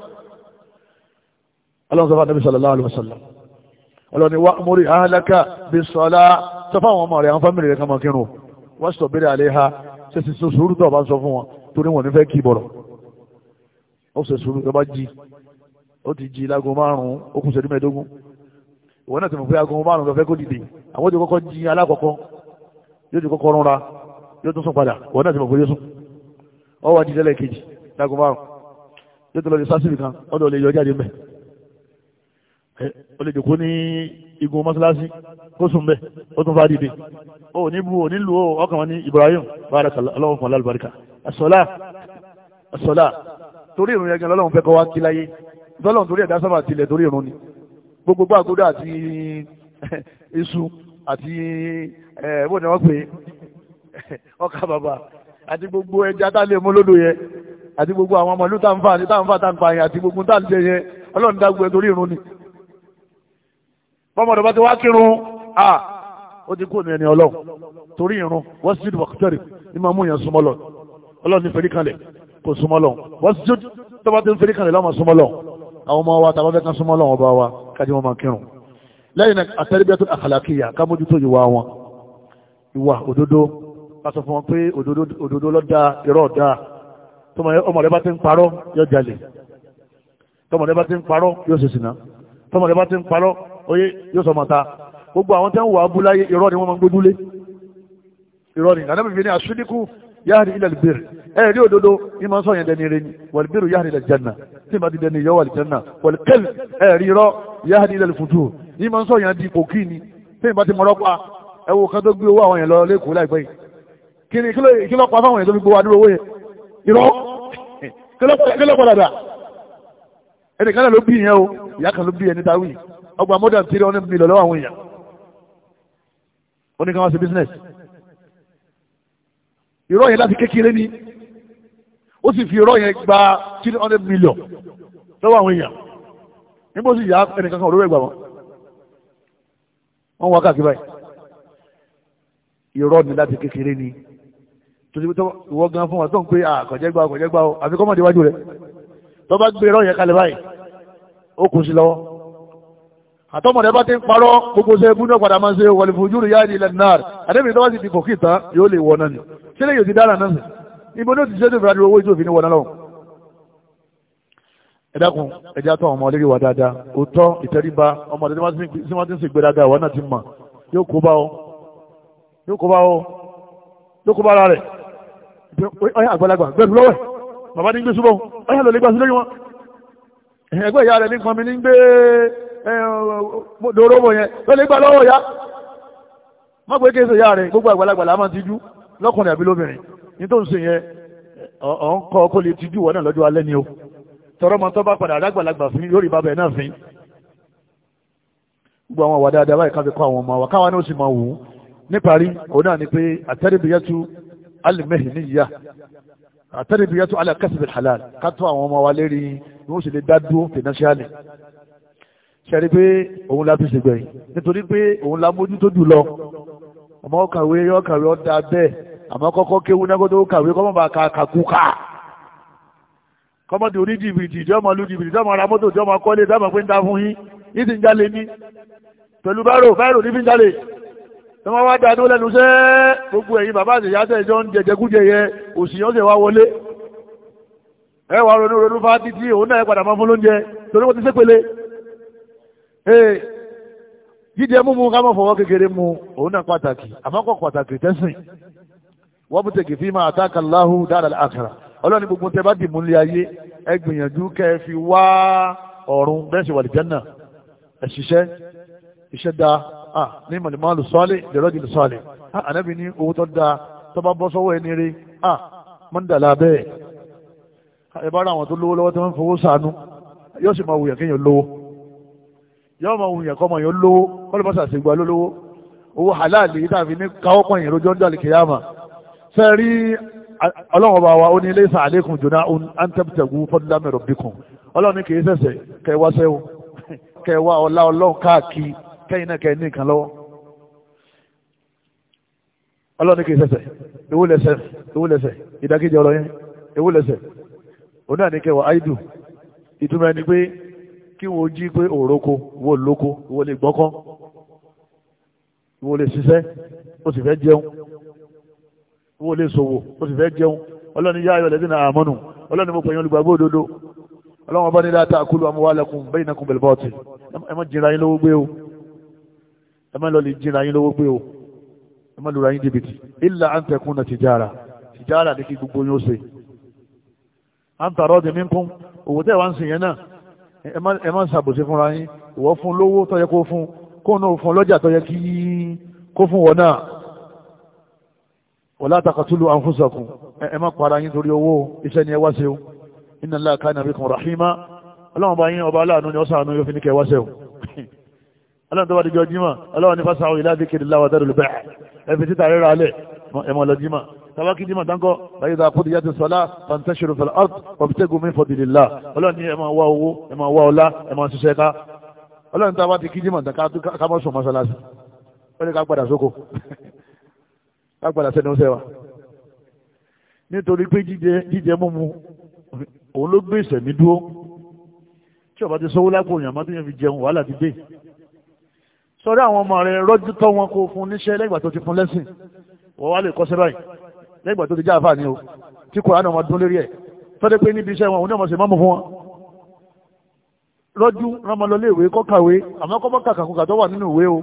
ọlọ́run sọ fún anabi sallallahu alayhi wa ọlọ́run ni wàá múri ahlaka bisalaa sọ fáwọn ọmọ rẹ̀ àwọn fámìlì rẹ̀ kan máa kírun wọ́n sọ bẹ́rẹ̀ àlẹ́ ha ṣe sì sọ sùúrù tó bá ń sọ fún wọn torí wọn ní fẹ́ kí bọ̀rọ̀ ó ṣe sùúrù tó bá jí ó ti jí lágo márùn-ún ó kù ṣẹ́jú mẹ́ẹ̀ẹ́dógún ìwọ náà ti mọ̀ pé aago márùn-ún lọ fẹ́ kó dìde àwọn ti kọ́kọ́ jí alákọ̀ọ́kọ́ yóò ti kọ́kọ́ rúnra yóò tún sùn padà ìwọ náà ti mọ̀ pé yóò sùn ọ wá jí lẹ́lẹ̀ kejì lágo márùn-ún yóò kó sùn bẹ́ẹ̀ ó tún bá dìde ó ní bu òní lu ó ọkàn wọn ní Ibrahim bára ọlọ́run fún alábàríkà àsọlá àsọlá torí ìrun yẹn lọ́lọ́run fẹ́ kọ́ wá kí láyé lọ́lọ́run torí ẹ̀dá sábà tilẹ̀ torí ìrun ni gbogbo àgódà àti iṣu àti ẹ̀ẹ́wò ni wọ́n pè ọkà bàbà àti gbogbo ẹja tá a lè mú lódò yẹn àti gbogbo àwọn ọmọ ìlú tá n fà ní tá n fà tá n fà yẹn àti gbogbo tá n jẹ yẹn ọlọ́run dá gbogbo ẹ̀ torí ìrun ni bọ́mọdé bá ti wá kírun Ah, ó ti kó ní ẹni ọlọ́run torí irun wasjud waqtarib ní máa mú yẹn súnmọ́ lọ ọlọ́run ní fẹ́rí kanlẹ̀ kò súnmọ́ lọ wasjud tó bá ti ń fẹ́rí kanlẹ̀ láwọn súnmọ́ lọ àwọn ọmọ wa tàbá fẹ́ kan súnmọ́ lọ wọn bá wa kájí wọn máa kírun lẹ́yìn at-tarbiyatu al-akhlaqiyya ká mójútó ìwà wọn ìwà òdodo ká sọ fún wọn pé òdodo lọ́dà irọ́ ọ̀dà tọmọ rẹ bá ti ń parọ́ yóò jalè tọmọ bá ti ń parọ́ yóò ṣèṣìnà tọmọ bá ti ń parọ́ oyé yóò sọ mọ́ta gbogbo àwọn tẹ́ ń wà abúláyé irọ́ ni wọ́n máa ń gbójúlé irọ́ ni ànábì fi ní àṣídíkù yáàrí ilẹ̀ albèrè ẹ̀ rí òdodo ní máa ń sọ yẹn dẹni rẹ ni wàlbèrè yáàrí ilẹ̀ janna tí màá ti dẹni yọ wàlìjanna wàlkẹ́lì ẹ̀ rí irọ́ yáàrí ilẹ̀ futur ní máa ń sọ yẹn di kòkí ni tí màá ti mọ̀rọ́ pa ẹ wo kan tó gbé owó àwọn yẹn lọ lẹ́kọ̀ọ́ láìpẹ́ yìí kí ni kí ló pa fáwọn yẹn tó fi gbowó adúrò owó yẹn irọ́ kí ló padà dà ẹnìkan náà ló bí yẹn o ìyá kan ló bí yẹn ní dáwì ọgbà mọ́dà tí ó ní mi lọ́wọ́ àwọn èèyàn ó ní ká wá sí business irọ́ yẹn láti kékeré ni ó sì fi irọ́ yẹn gba three hundred million lọ́wọ́ àwọn èèyàn níbo sì yá ẹnìkan kan olówó ẹgbà wọn wọn wá káàkiri báyìí irọ́ ni láti kékeré ni torí pé ìwọ gan fún wa tó ń pé àkọ̀jẹ́gbà àkọ̀jẹ́gbà àfikọ́mọ̀dé wájú rẹ̀ tó bá gbé irọ́ yẹn kalẹ̀ báyìí ó kù sí lọ́wọ́ àtọ́mọ̀dé bá ti ń parọ́ gbogbo ṣe ebú náà padà máa ń ṣe wọlé fojú rí yáàdì ilẹ̀ náà àdébìnrin tó bá sì di kòkí tán yóò lè wọ náà ni lè yóò ti dára náà sí ní ó tó fi rádi owó ìjọ òfin ní wọnà lọ́wọ́. ẹ dákun ẹja tó ọmọ lérí wa dáadáa kò tọ́ ìtẹríba ọmọdé tí wọ́n ti ń sègbè dáadáa ìwọ náà ti mọ̀ yóò kó bá ọ yóò kó bá ọ yóò kó bá ẹgbẹ́ ìyá rẹ̀ ní pọnmi ní gbé dòróbò yẹn ló lè gbà lọ́wọ́ ya má pé kéèsè ya rẹ̀ gbogbo àgbàlagbà la máa ti jú lọ́kùnrin àbí lóbìnrin ní tó ń sè yẹn ọ̀n kọ́ kó lè ti jú wọ́n náà lọ́jọ́ alẹ́ ni o tọrọ mọ tó bá padà àdágbàlagbà fún yóò rí bàbá ẹ̀ náà fín gbogbo àwọn àwàdà àdàbà ìka fi kọ́ àwọn ọmọ wa káwa náà sì máa wù ú níparí òun náà ni pé àtẹ́rẹ́bìyàtú alìmẹ́hìníyà àtẹ́rẹ́bìyàtú alákẹ́sìbẹ̀ halal ká tó àwọn ọmọ wa lérí ní ó sì lè dá dúró financially ṣẹ́rí pé òun la fi ṣègbẹ̀yìn nítorí pé òun la mójútó jù lọ ọmọ ọkàwé ọkàwé ọ̀dà bẹ́ẹ̀ àmọ́ kọ́kọ́ kéwu náà kótó kàwé kọ́mọ̀ bá ka kàkúkà kọ́mọ̀dé orí jìbìtì ìjọba lu jìbìtì ìjọba ra mọ́tò ìjọba kọ́lé ìjọba pé ń ta fún yín yín ti ń jalè ní pẹ̀lú báírò báírò ní fi ń jalè tí wọ́n wá dáadó lẹ́nu iṣẹ́ gbogbo ẹ̀yin bàbá àti jíjẹ múmu ká má fọwọ́ kékeré mu òun náà pàtàkì àmọ́kọ̀ pàtàkì tẹ́sìn wọ́n mú tẹ̀kì fíìmù àtàkàláhù dáadáa àkàrà ọlọ́ni gbogbo tẹ bá dìmú lé ayé ẹ gbìyànjú kẹ ẹ fi wá ọ̀run bẹ́ẹ̀ sì wà lìjẹ́nà ẹ ṣiṣẹ́ iṣẹ́ da ní mọ̀lẹ́mọ́lù sọ́ọ̀lẹ̀ lẹ́rọ́jìlì sọ́ọ̀lẹ̀ ànábì ní owó tó da tó bá bọ́ sọ́wọ́ ẹni rí mọ́ndàlá bẹ́ẹ̀ ẹ bá ra àwọn tó lówó lọ́wọ́ tó ń fowó sànú yóò sì máa wùyà kéèyàn lówó yọ́ ọmọ òun yẹn kọ́ ọmọ yẹn lówó kọ́lọ́mọ́sà sì gba lólówó owó halal yìí tàbí ní káwọ́ pọ̀ yẹn lójọ́ ń dọ̀lì kìyàmà fẹ́ rí ọlọ́run ọba wa ó ní ilé ìsàlẹ̀kùn jùlọ antẹ́pútẹ̀gù fọ́dúnlámẹ̀rọ bíkùn ọlọ́run ní kìí sẹ̀sẹ̀ kẹwà sẹ́wọ̀ kẹwà ọlá ọlọ́run káàkiri kẹ́yìn náà kí wọn jí pé òróko wọ́n lóko wọ́n lè gbọ́kọ́ wọ́n lè ṣiṣẹ́ ó sì fẹ́ jẹun wọ́n lè ṣòwò ó sì fẹ́ jẹun ọlọ́ni yá ayọ̀ lẹ́dínà àmọ́nù ọlọ́ni mo pẹ̀yìn olùgbàgbọ́ òdodo ọlọ́wọ́n bá ní láta àkúlù amúwálẹ́kùn bẹ́yìn náà kún bẹ̀rẹ̀ bọ́ọ̀tì ẹ má jìnra yín lówó gbé o ẹ má lọ lè jìnra yín lówó gbé o ẹ má lura yín jìbìtì ilà à ń tẹkùn náà tìjára tìjára ní kí gbogbo yín ó ṣe à ń tàrọ́ ọ̀dẹ̀ mí kún òwò tẹ́ wá ń sìn yẹn náà ẹ má ṣàbòsí fúnra yín ìwọ fún lówó tó yẹ kó fún kó náà fún lọ́jà tó yẹ kí kó fún wọn náà wala taqtulu anfusakum ẹ má para yín torí owó iṣẹ́ ni ẹ wá ṣe o inna Allaha kana bikum rahima ọlọ́run bá yín ọba aláàánú ni ọ tàbá kí jimá dánkọ́ báyìí dà kó dìyàtì sọlá fantashiru fil ard wabtagu min fadlillah ọlọ́run ní ẹ máa wá owó ẹ máa wá ọlá ẹ máa ṣiṣẹ́ ká ọlọ́run tàbá ti kí jimá dán ká má sùn mọ́ṣáláṣí ó ní ká padà sóko ká padà sẹ́ni ó sẹ́wà nítorí pé jíjẹ múmu òun ló gbé ìsẹ̀mí dúró tí ọba ti sanwó lápò èèyàn má tó yẹn fi jẹun wàhálà ti dé sọdọ àwọn ọmọ rẹ rọjú tọ wọn kó fún níṣẹ́ lẹ́gbàá tó ti fún lẹ́sìn wọ́n wá lè kọ́ṣẹ́ báyìí lẹ́gbàá tó ti já àfáà ni o tí kòránù ọmọ dún lérí ẹ̀ tọ́dé pé níbi iṣẹ́ wọn òun ní ọmọ sì mọ́mú fún wọn rọ́jú rọmọlọlé ìwé kọ́kàwé àmọ́ kọ́kọ́ kàkàkùkà tó wà nínú ìwé o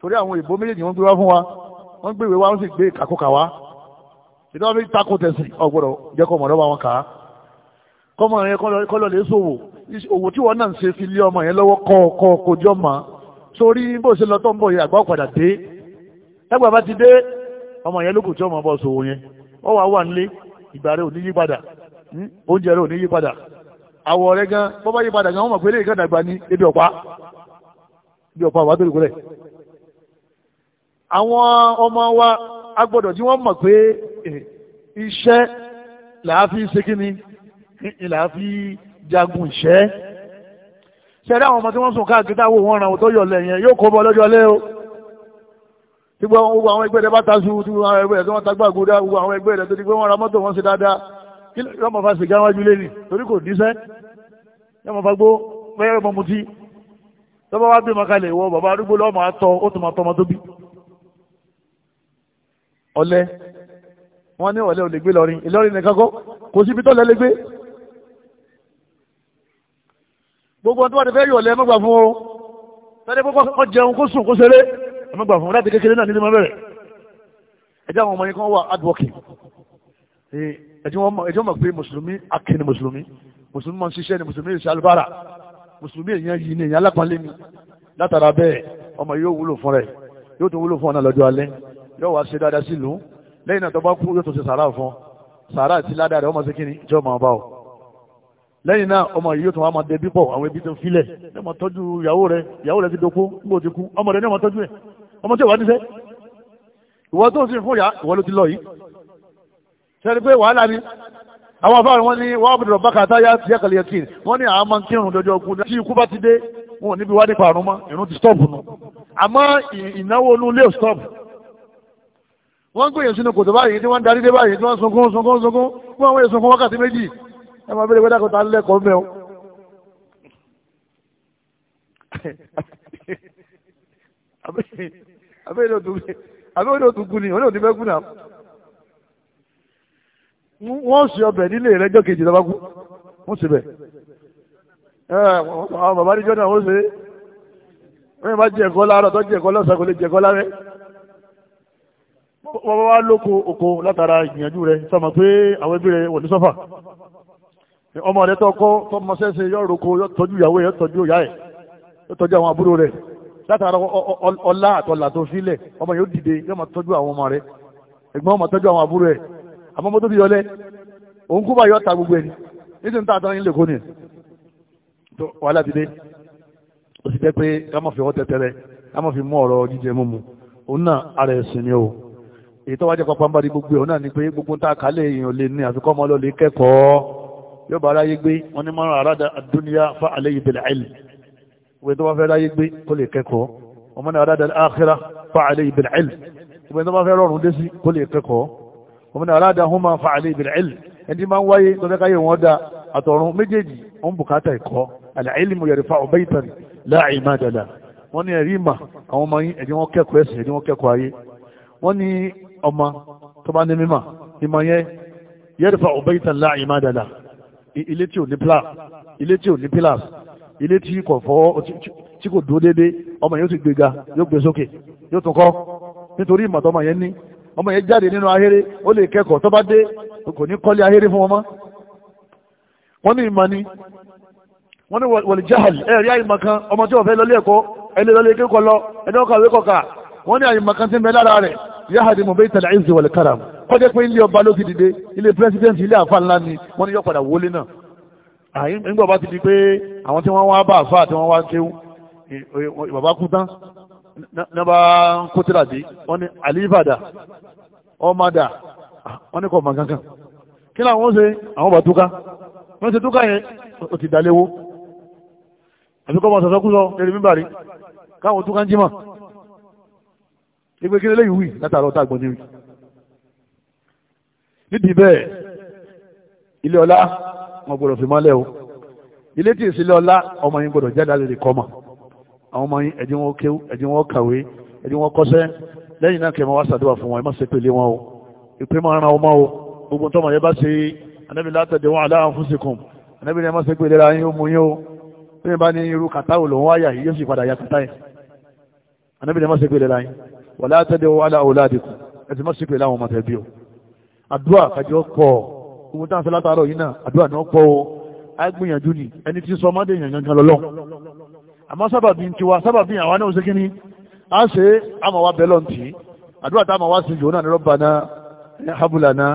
torí àwọn ìbò méjèèjì wọ́n gbé wá fún wa wọ́n gbé ìwé wa wọ́n sì gbé kàkùkà wá ìdá wọn fi takò tẹ̀sìn ọ̀gbọ̀dọ̀ jẹ́ kọ́ ọmọdé wa wọn kà á kọ́mọ yẹn kọ́lọ̀ lè sòwò òwò tí wọ́n náà ń ṣe fi lé ọmọ yẹn lọ́wọ́ kọ́ ọkọ́ kojọ́ mọ́ sórí bó ṣe lọ tó ń bọ̀ yẹn àgbà padà dé ẹgbà bá ti dé ọmọ yẹn lókùn tí ọmọ bọ́ sòwò yẹn ọ wà wà nílé ìgbà rẹ ò ní yí padà hm? oúnjẹ rẹ ò ní yí padà àwọ̀ rẹ gan bọ́ bá yí gan wọ́n mọ̀ pé eléyìí kan dàgbà ní ebi ọ̀pá ebi ọ̀pá wà tóbi kúrẹ̀. àwọn ọmọ wa a gbọ́dọ̀ tí wọ́n mọ̀ pé eh, iṣẹ́ làá fi ṣe kí ni làá fi jagun ìṣẹ́ ṣẹ́dá àwọn ọmọ tí wọ́n sùn káàkiri táwọn òun ọ̀ràn tó yọ̀ tí gbogbo àwọn ẹgbẹ́ rẹ̀ bá tasú tí gbogbo àwọn ẹgbẹ́ rẹ̀ tó wọ́n tagbá gúdá gbogbo àwọn ẹgbẹ́ rẹ̀ tó ti gbé wọn ra mọ́tò wọn sí dáadáa kí ló máa fa sìgá wájú lé ní torí kò níṣẹ́ yóò máa fa gbó pẹ́ẹ́rẹ́ mọ́ mutí tó bá wá bí makalẹ̀ ìwọ bàbá arúgbó lọ́ọ́ máa tọ ó tún máa tọmọ tó bí. ọ̀lẹ wọn ní ọ̀lẹ ò lè gbé lọ́rin Ìlọrin nìkan kọ́ kò síbi tó lẹ ẹ má gbà fún láti kékeré náà nílé máa bẹ̀rẹ̀ ẹjẹ́ àwọn ọmọ yẹn kan wà hardworking ẹjẹ́ wọn mọ̀ pé mùsùlùmí akin ni mùsùlùmí mùsùlùmí máa ń ṣiṣẹ́ ni mùsùlùmí ìṣe alubára mùsùlùmí èèyàn yìí ni èèyàn alápọ̀nlé ni látara bẹ́ẹ̀ ọmọ yóò wúlò fún rẹ̀ yóò tún wúlò fún ọ̀nà lọ́jọ́ alẹ́ yóò wá ṣe dáadáa sílùú lẹ́yìn náà tó bá kú yóò tún ṣe sàárà fún sàárà àti ládàá rẹ̀ ọmọ sí kíni ìjọba ọba ọ̀ lẹ́yìn náà ọmọ yìí yóò tún wá máa dẹbí pọ̀ àwọn ẹbí tó filẹ̀ ẹ máa tọ́jú ìyàwó rẹ ìyàwó rẹ ti doko níbo ti kú ọmọ rẹ ní ọmọ tọ́jú ẹ ọmọ tí ò wá níṣẹ́ ìwọ tó ń sìn fún ìyá ìwọ ló ti lọ yìí sẹ́ni pé wàhálà ni àwọn afáàrẹ wọn ní wàá bẹ̀rẹ̀ bá kàtá yá ti yàkàlẹ̀ yẹtì wọn ní àwọn máa ń kírun dọjọ́ ogun tí ikú bá ti dé wọn ò níbi wá nípa àrùn mọ́ ìrún ti stọ́ọ̀pù nù àmọ́ ìnáwó inú ilé ò stọ́ọ̀pù wọ́n ń gbìyànjú sínú kòtò báyìí tí wọ́n ń darí dé báyìí tí wọ́n ń sunkún sunkún sunkún wọ́n wọ́n yẹ sunkún wákàtí méjì ẹ máa bẹ̀rẹ̀ gbẹ́dàkọ̀ tá lẹ́kọ̀ọ́ mẹ́ o. àbẹ́rẹ́ òtúnkù ni òní òtúnkù náà wọ́n sì ọbẹ̀ nílé rẹ̀ jọ́ kejì lọ́ba kú wọ́n sì bẹ̀ àwọn bàbá níjọ́ náà wọ́n sì wọ́n yẹn bá jẹ ẹ̀kọ́ láàárọ̀ tó jẹ ẹ̀kọ́ lọ́sàn-án kò lè jẹ ẹ̀kọ́ lálẹ́ wọ́n wá lóko òkò látara ìgbìyànjú rẹ̀ sọ ma pé àwọn ẹbí rẹ̀ wọ̀ ní sọ́fà ọmọ rẹ tó kọ́ tó mọṣẹ́ ṣe yọ roko yọ tọ́jú ìyàwó yọ tọ́jú ìyá ẹ̀ yọ tọ́jú àwọn àbúrò rẹ̀ látara ọlá àtọ̀là tó sílẹ̀ ọmọ yóò dìde yọ máa tọ́jú àwọn ọmọ rẹ̀ ẹ̀gbọ́n ọmọ tọ́jú àwọn àbúrò ẹ̀ àmọ́ mo tó ti yọlẹ̀ òun kú bá yọ ta gbogbo ẹni nítorí níta àtọ́ ilé kóni wàhálà ti dé ó sì jẹ́ pé ká má fi ọwọ́ tẹ́tẹ́rẹ́ ká má fi mú ọ̀rọ̀ jíjẹ mímu òun náà ara ẹ̀sìn ni o èyí tó wájú pápá ń bá di gbogbo ẹ̀ òun náà ni pé gbogbo ń ta àkálẹ̀ èèyàn lè ní àfikọ́ ọmọ ọlọ́ọ̀lẹ́ kẹ́kọ̀ọ́ yóò bá aráyé gbé wọn ní márùn arada adúníyá fa alayhi bil ilm ìwé tó bá fẹ́ aráyé gbé kó lè kẹ́kọ̀ọ́ ọmọ ní arada al-akhirah fa alayhi bil ilm ìwé tó bá fẹ́ rọrùn dé sí kó lè kẹ́kọ̀ọ́ ọmọ ní arada huma fa alayhi bil ilm ẹni máa ń wáyé tó fẹ́ káyé àtọ̀run méjèèjì ilé tí ò ní pílà ilé tí ò ní pílà ilé tí kò fọ́ tí kò dúró déédéé ọmọ yóò ti gbéga yóò gbé sókè yóò tún kọ́ nítorí ìmọ̀ tọmọ yẹn ní ọmọ yẹn jáde nínú ahéré ó lè kẹ́kọ̀ọ́ tó bá dé kò ní kọ́lé ahéré fún wọn mọ́ wọ́n ní ìmọ̀ ni wọ́n ní wọ̀lìjáàlì ẹ̀rí àìmọ̀ kan ọmọ tí wọ́n fẹ́ lọ́lé ẹ̀kọ́ ẹ̀lẹ́ lọ́lé kékọ́ lọ ẹ̀dọ́kọ̀wé kọ̀ọ̀kà wọ́n ní àìmọ̀ kan ti ń bẹ yahadi mo bẹ́ẹ̀ tẹ̀lé ẹ̀sìn wọlé karam kọjá pé ilé ọba ló ti dìde ilé pírẹsidẹ́ǹtì ilé àfa ńlá ni wọ́n ní yọ padà wọlé náà àyìn nígbà bá ti di pé àwọn tí wọ́n wá bá àfa tí wọ́n wá kéwú bàbá kú tán ní bá ń kó tíra dé wọ́n ní àlìfàdà ọmọdà wọ́n ní kò mọ̀ kankan kí ni àwọn ṣe àwọn bá túká wọ́n ṣe túká yẹn ó ti dàléwó àbíkọ́ mọ̀ sọ̀sọ́kú sọ lórí mímbàrí káwọn túká ń jímọ̀ ìgbé kí lélẹ́yìn wì látàrọ tágbọ́n ní rí nídìí bẹ́ẹ̀ ilé ọlá wọn gbọ́dọ̀ fi mọ́lẹ̀ o ilé tí ìsílé ọlá ọmọ yín gbọ́dọ̀ jáde lè kọ́ mọ̀ àwọn ọmọ yín ẹ̀dín wọn kéwú ẹ̀dín wọn kàwé ẹ̀dín wọn kọ́ṣẹ́ lẹ́yìn náà kẹmọ wá ṣàdúrà fún wọn ẹ má ṣe pèlè wọn o ìpè máa ran ọmọ o gbogbo tọmọ yẹ bá ṣe anábì látẹ̀dẹ̀ wọn aláhàn fún sikùn anábì ní ẹ pèlè ra yín ó mú yín o bí mi bá ní irú kàtá òlò wáyà yìí yóò sì padà yà kàtá yìí anábì ní ẹ pèlè ra yín wala tad'u ala auladikum ẹ̀sìn má ṣépè láwọn ọmọ tẹ̀bí o àdúrà kájọ pọ̀ ohun táwọn fẹ́lá tààrọ̀ yìí náà àdúrà náà pọ̀ o agbìyànjú ni ẹni tí sọ ọmọdé èèyàn gangan lọ́lọ́ àmọ́ sábàbí ti wa sábàbí àwa náà ṣe kíní á ṣe àmọ̀ wa bẹ́lọ̀ ntì àdúrà tá àmọ̀ wa ṣe jòó náà ní rabbana habulana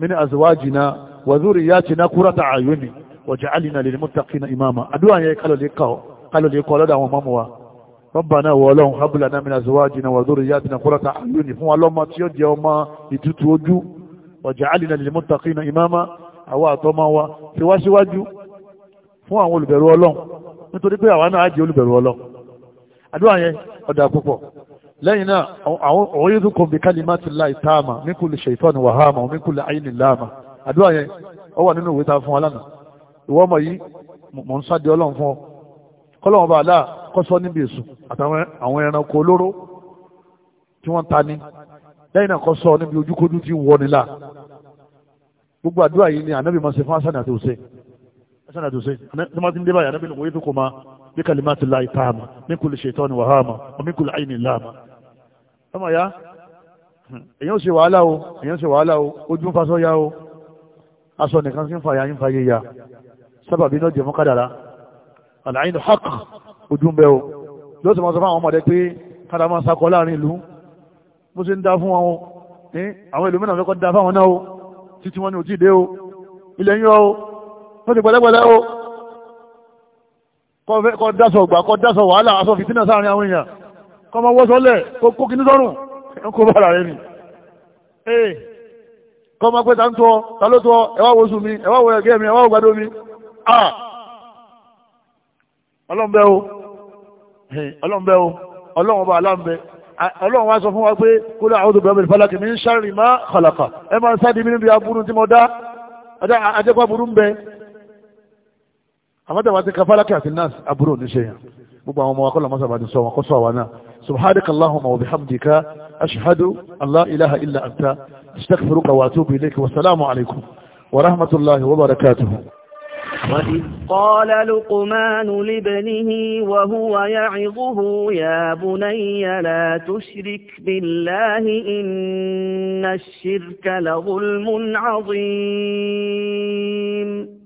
min azwajina wa dhurriyyatina qurrata a'yuni waj'alna lil muttaqina imama àdúrà yẹn kálọ̀ lè kọ́ lọ́dọ̀ àwọn ọmọ wa rọ́bàná wọ ọlọ́run habula náà mìíràn síwájú náà wàzórí yá ti na kúrọ́ta àlónì fún ọlọ́mọ tí ó jẹ ọmọ ìtútù ojú ọjà alìnà lè mọ́tàkì náà ìmáàmá àwa àtọ́mọ wa ti wá fún àwọn olùbẹ̀rù ọlọ́run nítorí pé àwa náà á jẹ olùbẹ̀rù ọlọ́run àdúrà yẹn ọ̀dà púpọ̀ lẹ́yìn náà àwọn òye kọ́lọ́wọ́n bá aláà kọ́sọ́ níbi èso àtàwọn àwọn ẹranko olóró tí wọ́n ta ni lẹ́yìn náà kọ́sọ́ níbi ojúkójú tí ń wọ nílà gbogbo àdúrà yìí ni ànábì máa ṣe fún hasan àti hussein hasan àti hussein ní wọ́n ti ń dé báyìí ànábì nìkan yìí tó kọ́ máa bí kalimá ti la ìta àmà min kulli shaytani wa hama wa min kulli ayni láàmà ọmọ ya èyàn ṣe wàhálà o èyàn ṣe wàhálà o ojú ń fasọ́ ya o aṣọ nìkan sí ń fa ya ń fa yé ya sábàbí náà jẹ̀mú kádàrá àlàyé hàk ojú ń bẹ o yóò sì máa sọ fún àwọn ọmọdé pé kára máa sakọ láàrin ìlú bó ṣe ń dá fún wọn o ní àwọn ìlú mìíràn fẹ́ kọ́ dá fáwọn náà o títí wọn ni ò tí dé o ilẹ̀ yọ o wọ́n ti pẹ̀lẹ́pẹ̀lẹ́ o kọ́ dáṣọ ọgbà kọ́ dáṣọ wàhálà aṣọ fìtínà sáàrin àwọn èèyàn kọ́ máa wọ́sọ́lẹ̀ kó kíní sọ́rùn ń kó bára rẹ̀ ni kọ́ máa pẹ́ ń tọ́ ta ló tọ́ ẹwà wo sùn mi ẹwà wo ẹ̀gẹ́ mi ẹwà wo gbàdó mi ọlọ́run bẹ́ o ọlọ́run bẹ́ o ọlọ́run ọba aláǹbẹ ọlọ́run wá sọ fún wa pé kó lọ àwọn òdòdó ẹ̀mẹ̀rẹ̀ fọlákì ní sáré má kọlọ̀kọ̀ ẹ máa ń sáàdì mí níbi aburú tí mo dá ajẹ́pá burú ń bẹ àmọ́tàwá ti ka fọlákì àti nas aburú ò ní ṣe yàn gbogbo àwọn ọmọ wa kọlọ̀ mọ́sàbà ti sọ wọn kó sọ àwa náà subhanaka allahumma wa bihamdika ashhadu an la ilaha illa anta astaghfiruka wa atubu ilayka wa salaamu alaykum wa rahmatullahi wa barakatuhu وإذ قال لقمان لابنه وهو يعظه يا بني لا تشرك بالله إن الشرك لظلم عظيم